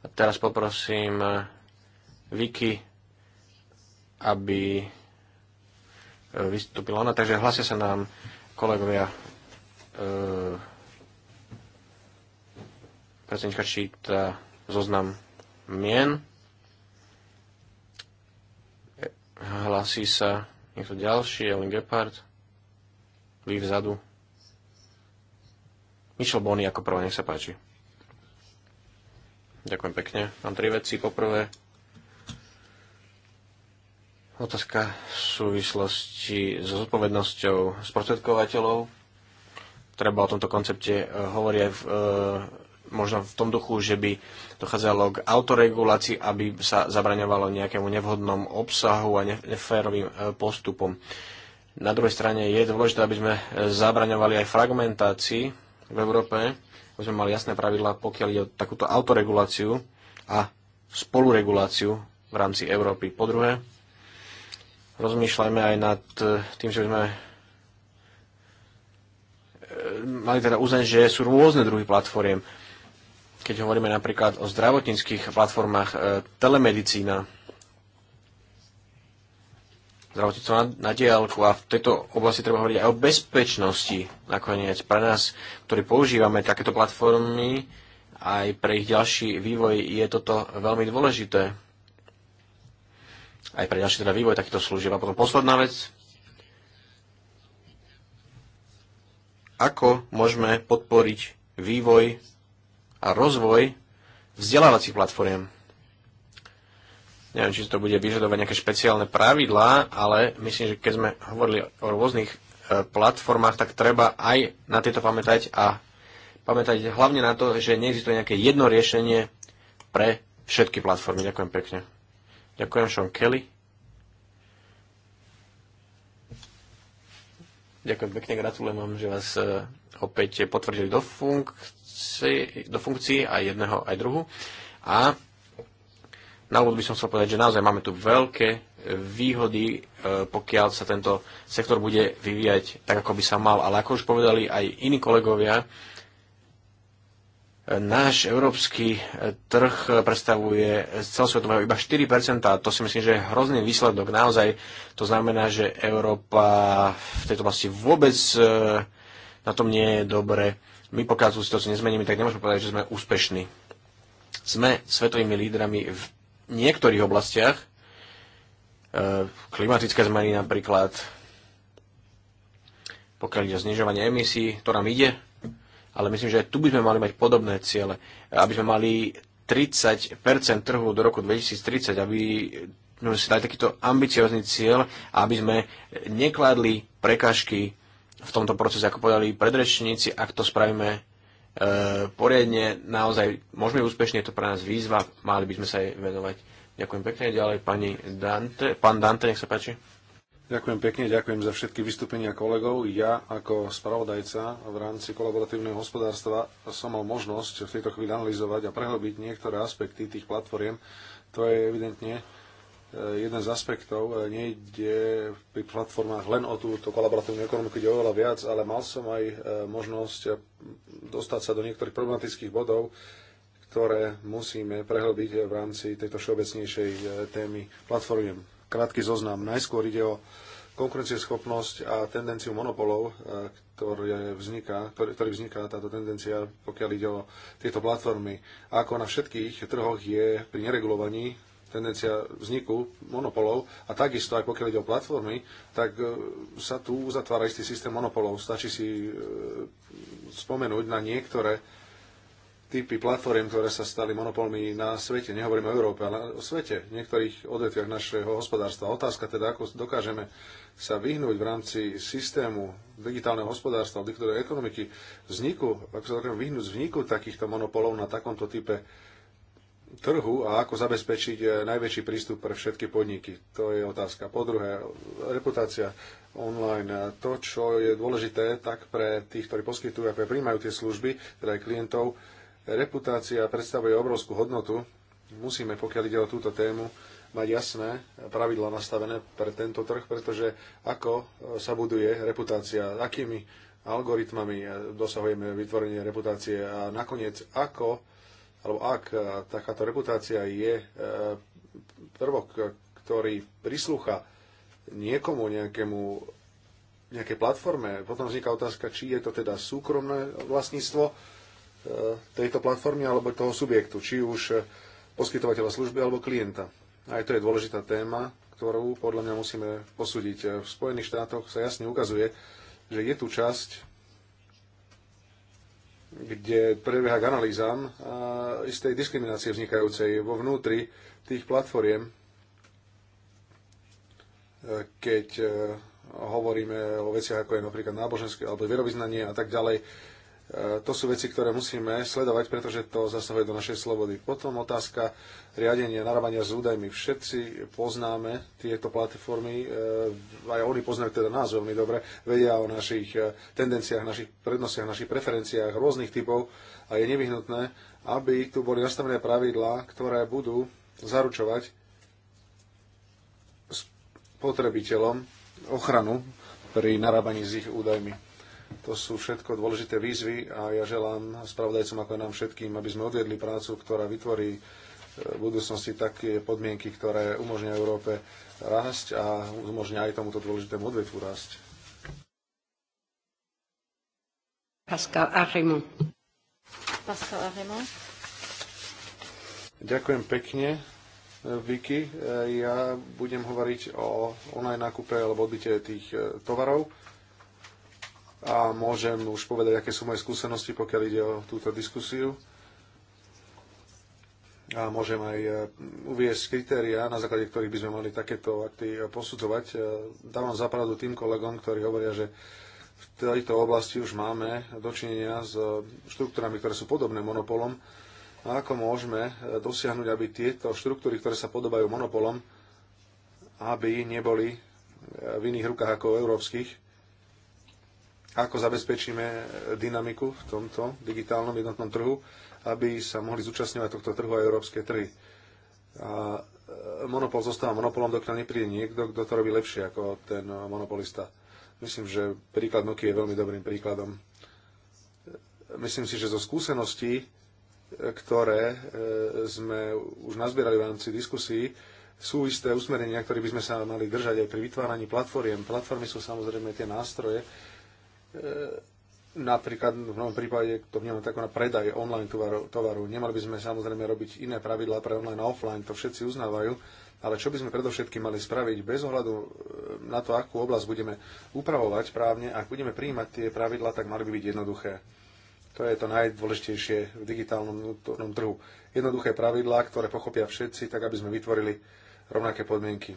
A teraz poprosím eh, Vicky, aby eh, vystúpila ona. Takže hlasia sa nám kolegovia Uh, Predsednička číta zoznam mien. Hlasí sa niekto ďalší, Ellen Gephardt. Vy vzadu. Michel Bonny ako prvá, nech sa páči. Ďakujem pekne. Mám tri veci. Poprvé, otázka v súvislosti so zodpovednosťou sprostredkovateľov. Treba o tomto koncepte eh, hovoriť aj v e, možno v tom duchu, že by dochádzalo k autoregulácii, aby sa zabraňovalo nejakému nevhodnom obsahu a neférovým e, postupom. Na druhej strane je dôležité, aby sme e, zabraňovali aj fragmentácii v Európe, aby sme mali jasné pravidlá, pokiaľ ide o takúto autoreguláciu a spolureguláciu v rámci Európy. Po druhé, rozmýšľajme aj nad e, tým, že sme mali teda uznať, že sú rôzne druhy platformiem keď hovoríme napríklad o zdravotníckých platformách, e, telemedicína, zdravotníctvo na, na diálku a v tejto oblasti treba hovoriť aj o bezpečnosti nakoniec. Pre nás, ktorí používame takéto platformy, aj pre ich ďalší vývoj je toto veľmi dôležité. Aj pre ďalší teda vývoj takýchto služieb. A potom posledná vec. Ako môžeme podporiť vývoj a rozvoj vzdelávacích platform. Neviem, či to bude vyžadovať nejaké špeciálne pravidlá, ale myslím, že keď sme hovorili o rôznych e, platformách, tak treba aj na tieto pamätať a pamätať hlavne na to, že neexistuje nejaké jedno riešenie pre všetky platformy. Ďakujem pekne. Ďakujem Sean Kelly. Ďakujem pekne, gratulujem vám, že vás e, opäť potvrdili do funkcie funkcii, do funkcií aj jedného, aj druhu. A na úvod by som chcel povedať, že naozaj máme tu veľké výhody, e, pokiaľ sa tento sektor bude vyvíjať tak, ako by sa mal. Ale ako už povedali aj iní kolegovia, e, náš európsky e, trh predstavuje celosvetového iba 4% a to si myslím, že je hrozný výsledok. Naozaj to znamená, že Európa v tejto oblasti vôbec na tom nie je dobre my pokiaľ to situáciu nezmeníme, tak nemôžeme povedať, že sme úspešní. Sme svetovými lídrami v niektorých oblastiach, e, klimatické zmeny napríklad, pokiaľ ide o znižovanie emisí, to nám ide, ale myslím, že aj tu by sme mali mať podobné ciele, aby sme mali 30% trhu do roku 2030, aby sme si dali takýto ambiciózny cieľ, aby sme nekladli prekažky v tomto procese, ako povedali predrečníci, ak to spravíme e, poriadne, naozaj môžeme úspešne, je to pre nás výzva, mali by sme sa aj venovať. Ďakujem pekne, ďalej pani Dante, pán Dante, nech sa páči. Ďakujem pekne, ďakujem za všetky vystúpenia kolegov. Ja ako spravodajca v rámci kolaboratívneho hospodárstva som mal možnosť v tejto chvíli analyzovať a prehlbiť niektoré aspekty tých platform. To je evidentne Eh, jeden z aspektov. Eh, nejde pri platformách len o túto kolaboratívnu ekonomiku, kde oveľa viac, ale mal som aj eh, možnosť dostať sa do niektorých problematických bodov, ktoré musíme prehlbiť v rámci tejto všeobecnejšej témy platformiem. Krátky zoznam. Najskôr ide o konkurencieschopnosť a tendenciu monopolov, ktoré vzniká, ktorý, ktorý vzniká táto tendencia, pokiaľ ide o tieto platformy. A ako na všetkých trhoch je pri neregulovaní tendencia vzniku monopolov a takisto aj pokiaľ ide o platformy, tak e, sa tu uzatvára istý systém monopolov. Stačí si e, spomenúť na niektoré typy platform, ktoré sa stali monopolmi na svete. Nehovoríme o Európe, ale o svete, niektorých odvetviach našeho hospodárstva. Otázka teda, ako dokážeme sa vyhnúť v rámci systému digitálneho hospodárstva, digitálnej ekonomiky, vzniku, ako sa dokážeme vyhnúť vzniku takýchto monopolov na takomto type trhu a ako zabezpečiť eh, najväčší prístup pre všetky podniky. To je otázka. Po druhé, reputácia online. To, čo je dôležité tak pre tých, ktorí poskytujú a prijímajú tie služby, teda aj klientov, reputácia predstavuje obrovskú hodnotu. Musíme, pokiaľ ide o túto tému, mať jasné pravidla nastavené pre tento trh, pretože ako eh, sa buduje reputácia, akými algoritmami eh, dosahujeme vytvorenie reputácie a nakoniec ako alebo ak e, takáto reputácia je e, prvok, ktorý prislúcha niekomu, nejakému, nejakej platforme, potom vzniká otázka, či je to teda súkromné vlastníctvo e, tejto platformy alebo toho subjektu, či už poskytovateľa služby alebo klienta. Aj to je dôležitá téma, ktorú podľa mňa musíme posúdiť. V Spojených štátoch sa jasne ukazuje, že je tu časť kde prebieha k analýzám istej diskriminácie vznikajúcej vo vnútri tých platformiem, e, keď e, hovoríme o veciach ako je napríklad náboženské alebo vierovýznanie a tak ďalej E, to sú veci, ktoré musíme sledovať, pretože to zasahuje do našej slobody. Potom otázka riadenia, narábania s údajmi. Všetci poznáme tieto platformy, e, aj oni poznajú teda nás veľmi dobre, vedia o našich e, tendenciách, našich prednostiach, našich preferenciách rôznych typov a je nevyhnutné, aby tu boli nastavené pravidlá, ktoré budú zaručovať spotrebiteľom ochranu pri narábaní s ich údajmi. To sú všetko dôležité výzvy a ja želám spravodajcom ako nám všetkým, aby sme odvedli prácu, ktorá vytvorí e, v budúcnosti také podmienky, ktoré umožnia Európe rásť a umožnia aj tomuto dôležitému odvetvu rásť. Pascal Arimo. Pascal Arimo. Ďakujem pekne, e, Vicky. E, ja budem hovoriť o online nákupe alebo odbyte tých tovarov a môžem už povedať, aké sú moje skúsenosti, pokiaľ ide o túto diskusiu. A môžem aj e, uviesť kritériá, na základe ktorých by sme mali takéto akty e, posudzovať. E, dávam zapravdu tým kolegom, ktorí hovoria, že v tejto oblasti už máme dočinenia s štruktúrami, ktoré sú podobné monopolom. A ako môžeme dosiahnuť, aby tieto štruktúry, ktoré sa podobajú monopolom, aby neboli v iných rukách ako európskych, ako zabezpečíme dynamiku v tomto digitálnom jednotnom trhu, aby sa mohli zúčastňovať tohto trhu aj európske trhy. A e, monopol zostáva monopolom, dokiaľ nepríde niekto, kto to robí lepšie ako ten monopolista. Myslím, že príklad Nokia je veľmi dobrým príkladom. Myslím si, že zo skúseností, e, ktoré e, sme už nazbierali v rámci diskusí, sú isté usmerenia, ktoré by sme sa mali držať aj pri vytváraní platformiem. Platformy sú samozrejme tie nástroje, E, napríklad v mnohom prípade to vnímame tak na predaj online tovaru, tovaru. Nemali by sme samozrejme robiť iné pravidlá pre online a offline, to všetci uznávajú, ale čo by sme predovšetkým mali spraviť bez ohľadu e, na to, akú oblasť budeme upravovať právne, ak budeme prijímať tie pravidlá, tak mali by byť jednoduché. To je to najdôležitejšie v digitálnom trhu. Jednoduché pravidlá, ktoré pochopia všetci, tak aby sme vytvorili rovnaké podmienky.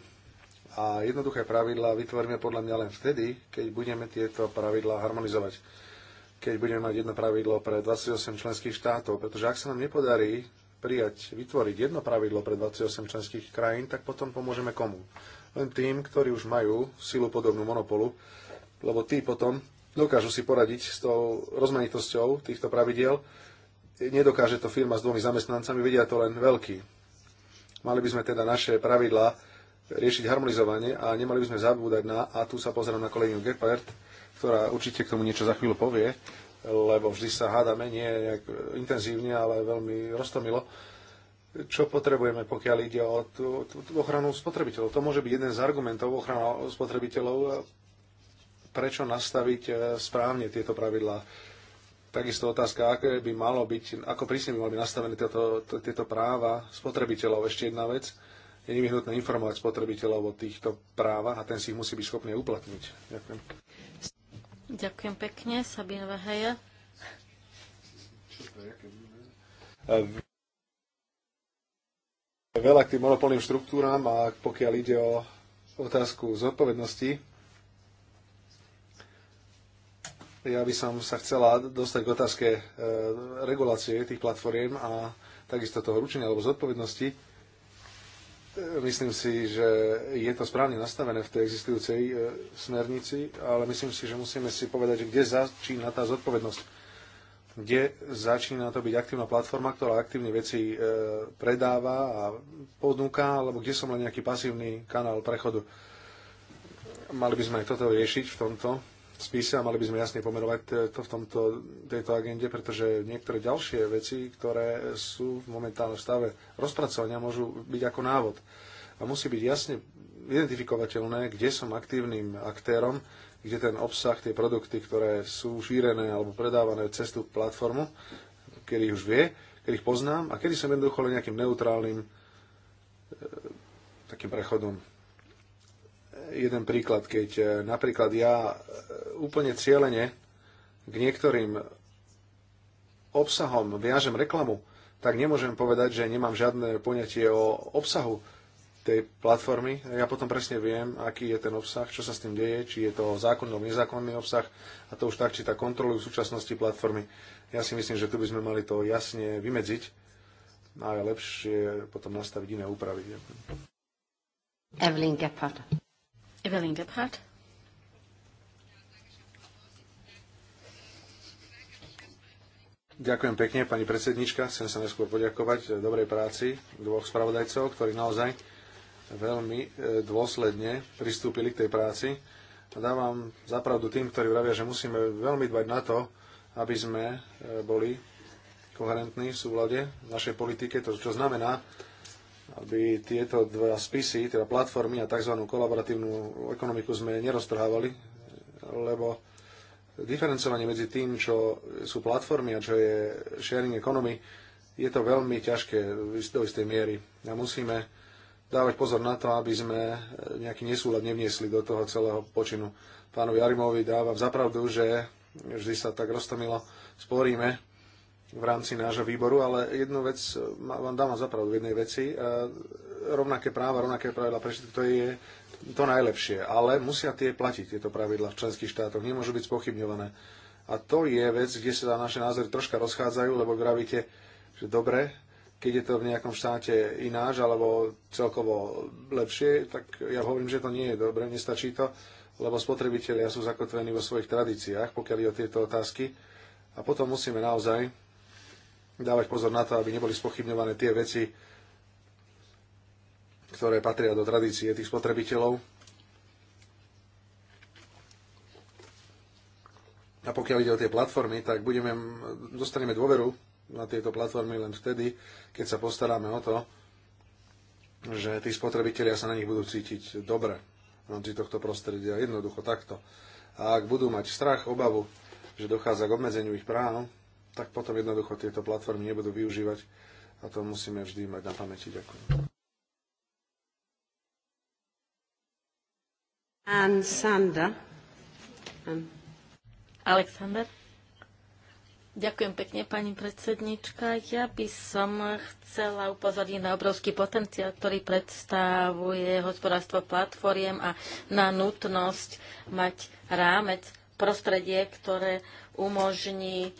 A jednoduché pravidlá vytvoríme podľa mňa len vtedy, keď budeme tieto pravidlá harmonizovať. Keď budeme mať jedno pravidlo pre 28 členských štátov. Pretože ak sa nám nepodarí prijať, vytvoriť jedno pravidlo pre 28 členských krajín, tak potom pomôžeme komu? Len tým, ktorí už majú silu podobnú monopolu, lebo tí potom dokážu si poradiť s tou rozmanitosťou týchto pravidiel. Nedokáže to firma s dvomi zamestnancami, vedia to len veľký. Mali by sme teda naše pravidlá riešiť harmonizovanie a nemali by sme zabúdať na, a tu sa pozerám na kolegyňu Gepard, ktorá určite k tomu niečo za chvíľu povie, lebo vždy sa hádame, nie nejak e, intenzívne, ale veľmi roztomilo, čo potrebujeme, pokiaľ ide o tú, tú, tú ochranu spotrebiteľov. To môže byť jeden z argumentov ochrana spotrebiteľov, e, prečo nastaviť e, správne tieto pravidlá. Takisto otázka, aké by malo byť, ako prísne by mali byť nastavené tieto, tieto práva spotrebiteľov. Ešte jedna vec, je nevyhnutné informovať spotrebiteľov o týchto právach a ten si ich musí byť schopný uplatniť. Ďakujem. Ďakujem pekne, Sabine Vaheja. Veľa k tým monopolným štruktúram a pokiaľ ide o otázku zodpovednosti, ja by som sa chcela dostať k otázke e, regulácie tých platform a takisto toho ručenia alebo zodpovednosti Myslím si, že je to správne nastavené v tej existujúcej e, smernici, ale myslím si, že musíme si povedať, že kde začína tá zodpovednosť. Kde začína to byť aktívna platforma, ktorá aktívne veci e, predáva a ponúka, alebo kde som len nejaký pasívny kanál prechodu. Mali by sme aj toto riešiť v tomto spise a mali by sme jasne pomenovať e, to v tomto, tejto agende, pretože niektoré ďalšie veci, ktoré sú v momentálnom stave rozpracovania, môžu byť ako návod. A musí byť jasne identifikovateľné, kde som aktívnym aktérom, kde ten obsah, tie produkty, ktoré sú šírené alebo predávané cez tú platformu, kedy už vie, kedy ich poznám a kedy som jednoducho len nejakým neutrálnym e, takým prechodom jeden príklad, keď e, napríklad ja e, úplne cieľene k niektorým obsahom viažem reklamu, tak nemôžem povedať, že nemám žiadne poňatie o obsahu tej platformy. Ja potom presne viem, aký je ten obsah, čo sa s tým deje, či je to zákonný alebo nezákonný obsah a to už tak, či tá kontrolujú v súčasnosti platformy. Ja si myslím, že tu by sme mali to jasne vymedziť a je lepšie potom nastaviť iné úpravy. Evelyn Gephardt. Evelyn Gebhardt. Ďakujem pekne, pani predsednička. Chcem sa neskôr poďakovať dobrej práci dvoch spravodajcov, ktorí naozaj veľmi e, dôsledne pristúpili k tej práci. A dávam zapravdu tým, ktorí vravia, že musíme veľmi dbať na to, aby sme e, boli koherentní v súvlade v našej politike. To, čo znamená aby tieto dva spisy, teda platformy a tzv. kolaboratívnu ekonomiku sme neroztrhávali, lebo diferencovanie medzi tým, čo sú platformy a čo je sharing economy, je to veľmi ťažké do istej miery. A musíme dávať pozor na to, aby sme nejaký nesúlad nevniesli do toho celého počinu. Pánovi Arimovi dávam zapravdu, že vždy sa tak roztomilo sporíme v rámci nášho výboru, ale jednu vec eh, vám dávam zapravdu v jednej veci. Eh, rovnaké práva, rovnaké pravidla pre všetkých, to je to najlepšie, ale musia tie platiť, tieto pravidla v členských štátoch, nemôžu byť spochybňované. A to je vec, kde sa naše názory troška rozchádzajú, lebo vravíte, že dobre, keď je to v nejakom štáte ináč alebo celkovo lepšie, tak ja hovorím, že to nie je dobre, nestačí to, lebo spotrebitelia sú zakotvení vo svojich tradíciách, pokiaľ je o tieto otázky. A potom musíme naozaj dávať pozor na to, aby neboli spochybňované tie veci, ktoré patria do tradície tých spotrebiteľov. A pokiaľ ide o tie platformy, tak budeme, dostaneme dôveru na tieto platformy len vtedy, keď sa postaráme o to, že tí spotrebitelia sa na nich budú cítiť dobre v rámci tohto prostredia. Jednoducho takto. A ak budú mať strach, obavu, že dochádza k obmedzeniu ich práv, tak potom jednoducho tieto platformy nebudú využívať a to musíme vždy mať na pamäti. Ďakujem. And Sandra. Um. Alexander. Ďakujem pekne, pani predsednička. Ja by som chcela upozorniť na obrovský potenciál, ktorý predstavuje hospodárstvo platformiem a na nutnosť mať rámec, prostredie, ktoré umožní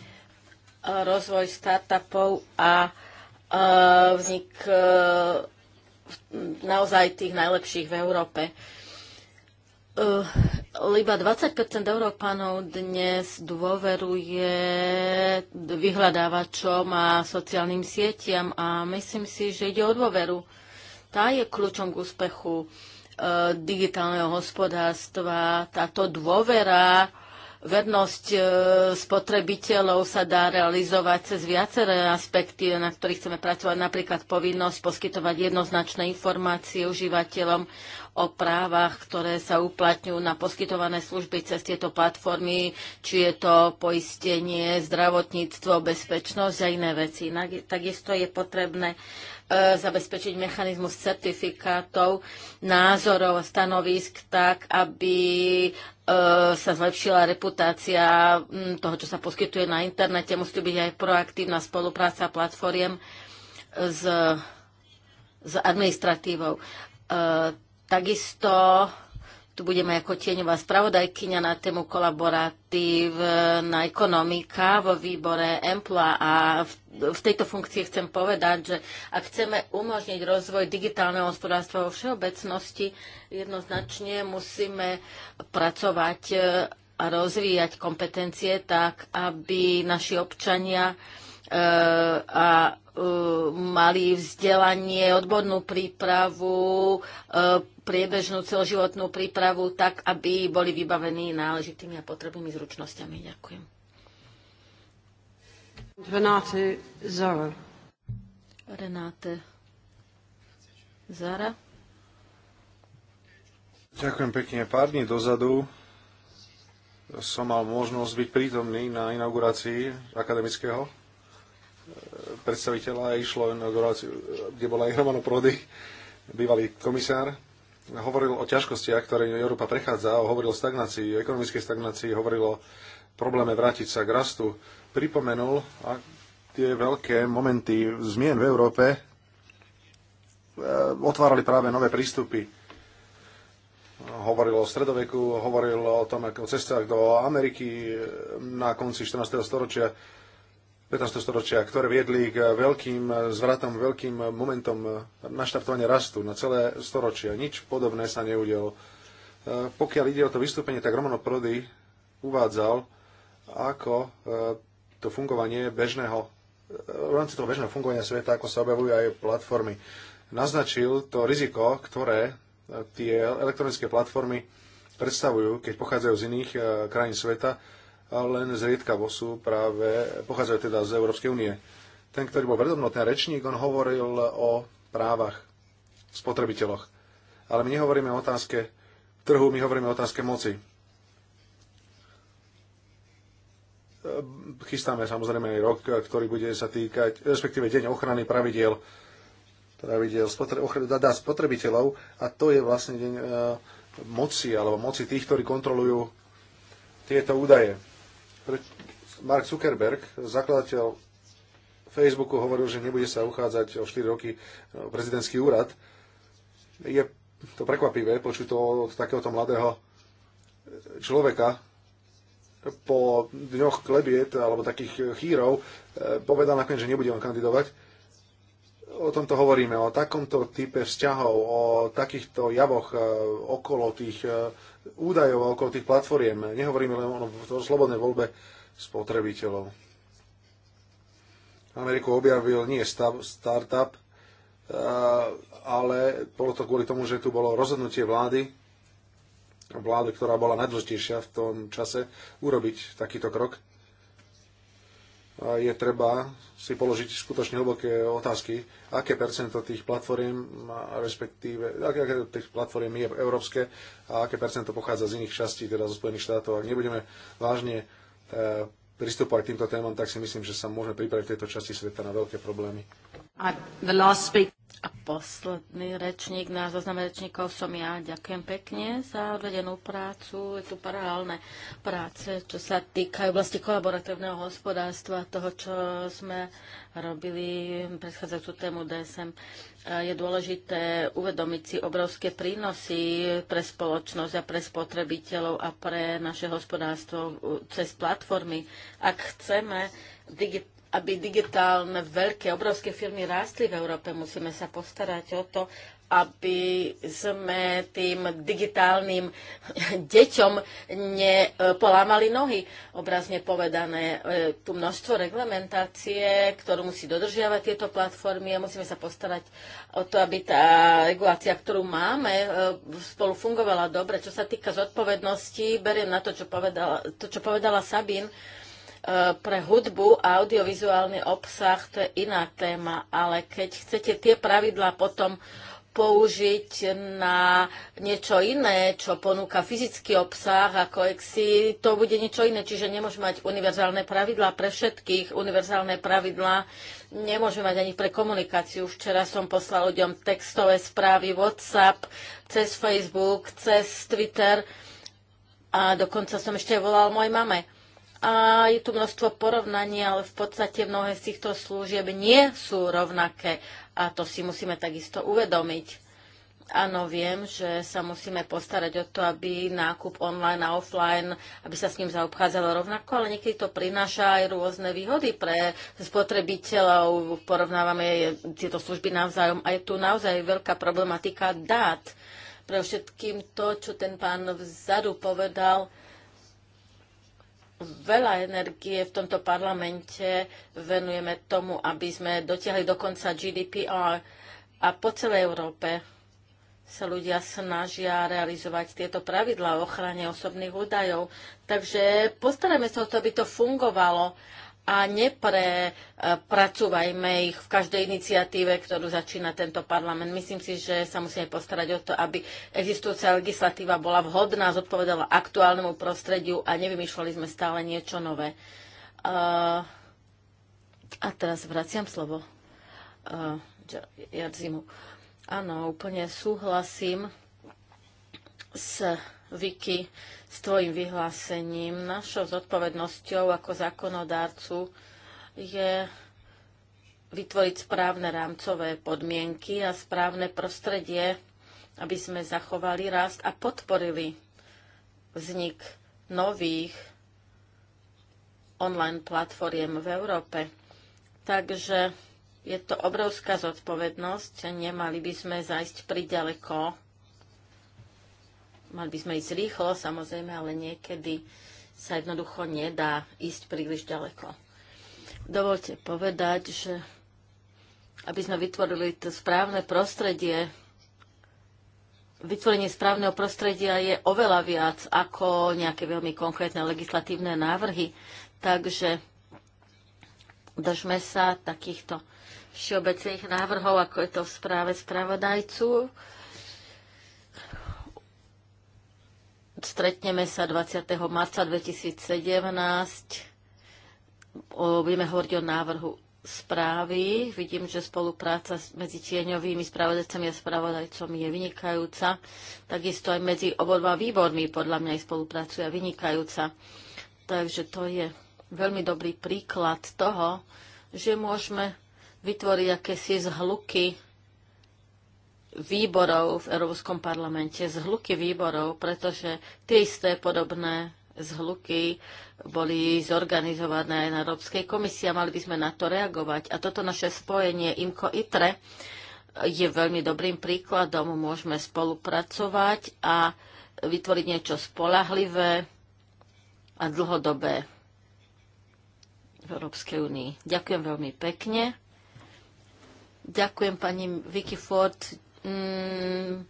rozvoj startupov a e, vznik e, naozaj tých najlepších v Európe. E, iba 25 Európanov dnes dôveruje vyhľadávačom a sociálnym sieťam a myslím si, že ide o dôveru. Tá je kľúčom k úspechu digitálneho hospodárstva. Táto dôvera Vernosť e, spotrebiteľov sa dá realizovať cez viaceré aspekty, na ktorých chceme pracovať, napríklad povinnosť poskytovať jednoznačné informácie užívateľom o právach, ktoré sa uplatňujú na poskytované služby cez tieto platformy, či je to poistenie, zdravotníctvo, bezpečnosť a iné veci. Takisto je potrebné e, zabezpečiť mechanizmus certifikátov, názorov a stanovisk tak, aby e, sa zlepšila reputácia toho, čo sa poskytuje na internete. Musí byť aj proaktívna spolupráca platformiem s, s administratívou. E, Takisto tu budeme ako tieňová spravodajkyňa na tému kolaboratív na ekonomika vo výbore EMPLA a v, v tejto funkcii chcem povedať, že ak chceme umožniť rozvoj digitálneho hospodárstva vo všeobecnosti, jednoznačne musíme pracovať a rozvíjať kompetencie tak, aby naši občania Eh, a eh, mali vzdelanie, odbornú prípravu, eh, priebežnú celoživotnú prípravu, tak aby boli vybavení náležitými a potrebnými zručnosťami. Ďakujem. Renate Zara. Renate Zara. Ďakujem pekne. Pár dní dozadu som mal možnosť byť prítomný na inaugurácii akademického predstaviteľa, išlo len o kde bola aj Romano Prody, bývalý komisár. Hovoril o ťažkostiach, ktoré Európa prechádza, hovoril o stagnácii, ekonomickej stagnácii, hovoril o probléme vrátiť sa k rastu. Pripomenul a tie veľké momenty zmien v Európe e, otvárali práve nové prístupy hovoril o stredoveku, hovoril o tom, ako o cestách do Ameriky na konci 14. storočia, 15. storočia, ktoré viedli k veľkým zvratom, veľkým momentom naštartovania rastu na celé storočia. Nič podobné sa neudialo. E, pokiaľ ide o to vystúpenie, tak Romano Prody uvádzal, ako e, to fungovanie bežného, e, v rámci toho bežného fungovania sveta, ako sa objavujú aj platformy. Naznačil to riziko, ktoré tie elektronické platformy predstavujú, keď pochádzajú z iných krajín sveta, len zriedkavo sú práve, pochádzajú teda z Európskej únie. Ten, ktorý bol predo mnou, ten rečník, on hovoril o právach spotrebiteľoch. Ale my nehovoríme o otázke trhu, my hovoríme o otázke moci. Chystáme samozrejme aj rok, ktorý bude sa týkať, respektíve deň ochrany pravidiel, pravidiel spotre, ochr- dá spotrebiteľov a to je vlastne deň e, moci alebo moci tých, ktorí kontrolujú tieto údaje. Mark Zuckerberg, zakladateľ Facebooku, hovoril, že nebude sa uchádzať o 4 roky e, prezidentský úrad. Je to prekvapivé počuť to od takéhoto mladého e, človeka po dňoch klebiet alebo takých chýrov e, povedal nakoniec, že nebude on kandidovať o tomto hovoríme, o takomto type vzťahov, o takýchto javoch e, okolo tých e, údajov, okolo tých platformiem. Nehovoríme len o slobodnej voľbe spotrebiteľov. Ameriku objavil nie stav, startup, e, ale bolo to kvôli tomu, že tu bolo rozhodnutie vlády, vlády, ktorá bola najdôležitejšia v tom čase, urobiť takýto krok je treba si položiť skutočne hlboké otázky, aké percento tých platform, respektíve, aké, aké tých platform je európske a aké percento pochádza z iných častí, teda zo Spojených štátov. Ak nebudeme vážne e, pristupovať k týmto témam, tak si myslím, že sa môžeme pripraviť v tejto časti sveta na veľké problémy. A, a posledný rečník na zozname rečníkov som ja. Ďakujem pekne za odvedenú prácu. Je tu paralelné práce, čo sa týkajú oblasti kolaboratívneho hospodárstva, toho, čo sme robili predchádzajúcu tému DSM je dôležité uvedomiť si obrovské prínosy pre spoločnosť a pre spotrebiteľov a pre naše hospodárstvo cez platformy. Ak chceme digitálne aby digitálne veľké, obrovské firmy rástli v Európe. Musíme sa postarať o to, aby sme tým digitálnym deťom nepolámali nohy. Obrazne povedané, e, tu množstvo reglementácie, ktorú musí dodržiavať tieto platformy a musíme sa postarať o to, aby tá regulácia, ktorú máme, e, spolu fungovala dobre. Čo sa týka zodpovednosti, beriem na to, čo povedala, to, čo povedala Sabín, pre hudbu a audiovizuálny obsah to je iná téma, ale keď chcete tie pravidlá potom použiť na niečo iné, čo ponúka fyzický obsah ako exi, to bude niečo iné. Čiže nemôžeme mať univerzálne pravidlá pre všetkých, univerzálne pravidlá nemôžeme mať ani pre komunikáciu. Včera som poslal ľuďom textové správy WhatsApp, cez Facebook, cez Twitter a dokonca som ešte volal mojej mame a je tu množstvo porovnaní, ale v podstate mnohé z týchto služieb nie sú rovnaké a to si musíme takisto uvedomiť. Áno, viem, že sa musíme postarať o to, aby nákup online a offline, aby sa s ním zaobchádzalo rovnako, ale niekedy to prináša aj rôzne výhody pre spotrebiteľov. Porovnávame tieto služby navzájom a je tu naozaj veľká problematika dát. Pre všetkým to, čo ten pán vzadu povedal, veľa energie v tomto parlamente venujeme tomu, aby sme dotiahli do konca GDPR a po celej Európe sa ľudia snažia realizovať tieto pravidlá o ochrane osobných údajov. Takže postarajme sa o to, aby to fungovalo a neprepracúvajme ich v každej iniciatíve, ktorú začína tento parlament. Myslím si, že sa musíme postarať o to, aby existujúca legislatíva bola vhodná, zodpovedala aktuálnemu prostrediu a nevymýšľali sme stále niečo nové. Uh, a teraz vraciam slovo uh, Jarzimu. Áno, úplne súhlasím s Vicky, s tvojim vyhlásením. Našou zodpovednosťou ako zákonodárcu je vytvoriť správne rámcové podmienky a správne prostredie, aby sme zachovali rast a podporili vznik nových online platformiem v Európe. Takže je to obrovská zodpovednosť. Nemali by sme zajsť priďaleko Mali by sme ísť rýchlo, samozrejme, ale niekedy sa jednoducho nedá ísť príliš ďaleko. Dovolte povedať, že aby sme vytvorili to správne prostredie, vytvorenie správneho prostredia je oveľa viac ako nejaké veľmi konkrétne legislatívne návrhy. Takže držme sa takýchto všeobecných návrhov, ako je to v správe spravodajcu. Stretneme sa 20. marca 2017. o Budeme hovoriť o návrhu správy. Vidím, že spolupráca medzi tieňovými spravodajcami a spravodajcom je vynikajúca. Takisto aj medzi obodva výbormi podľa mňa je spolupráca vynikajúca. Takže to je veľmi dobrý príklad toho, že môžeme vytvoriť akési zhluky výborov v Európskom parlamente, zhluky výborov, pretože tie isté podobné zhluky boli zorganizované aj na Európskej komisii a mali by sme na to reagovať. A toto naše spojenie IMCO-ITRE je veľmi dobrým príkladom. Môžeme spolupracovať a vytvoriť niečo spolahlivé a dlhodobé v Európskej únii. Ďakujem veľmi pekne. Ďakujem pani Vicky Ford, Mm,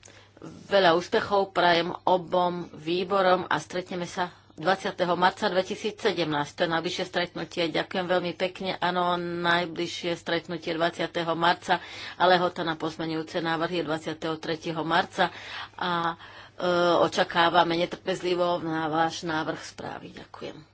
veľa úspechov prajem obom výborom a stretneme sa 20. marca 2017. To je najbližšie stretnutie. Ďakujem veľmi pekne. Áno, najbližšie stretnutie 20. marca, ale hota na pozmenujúce návrhy je 23. marca a e, očakávame netrpezlivo na váš návrh správy. Ďakujem.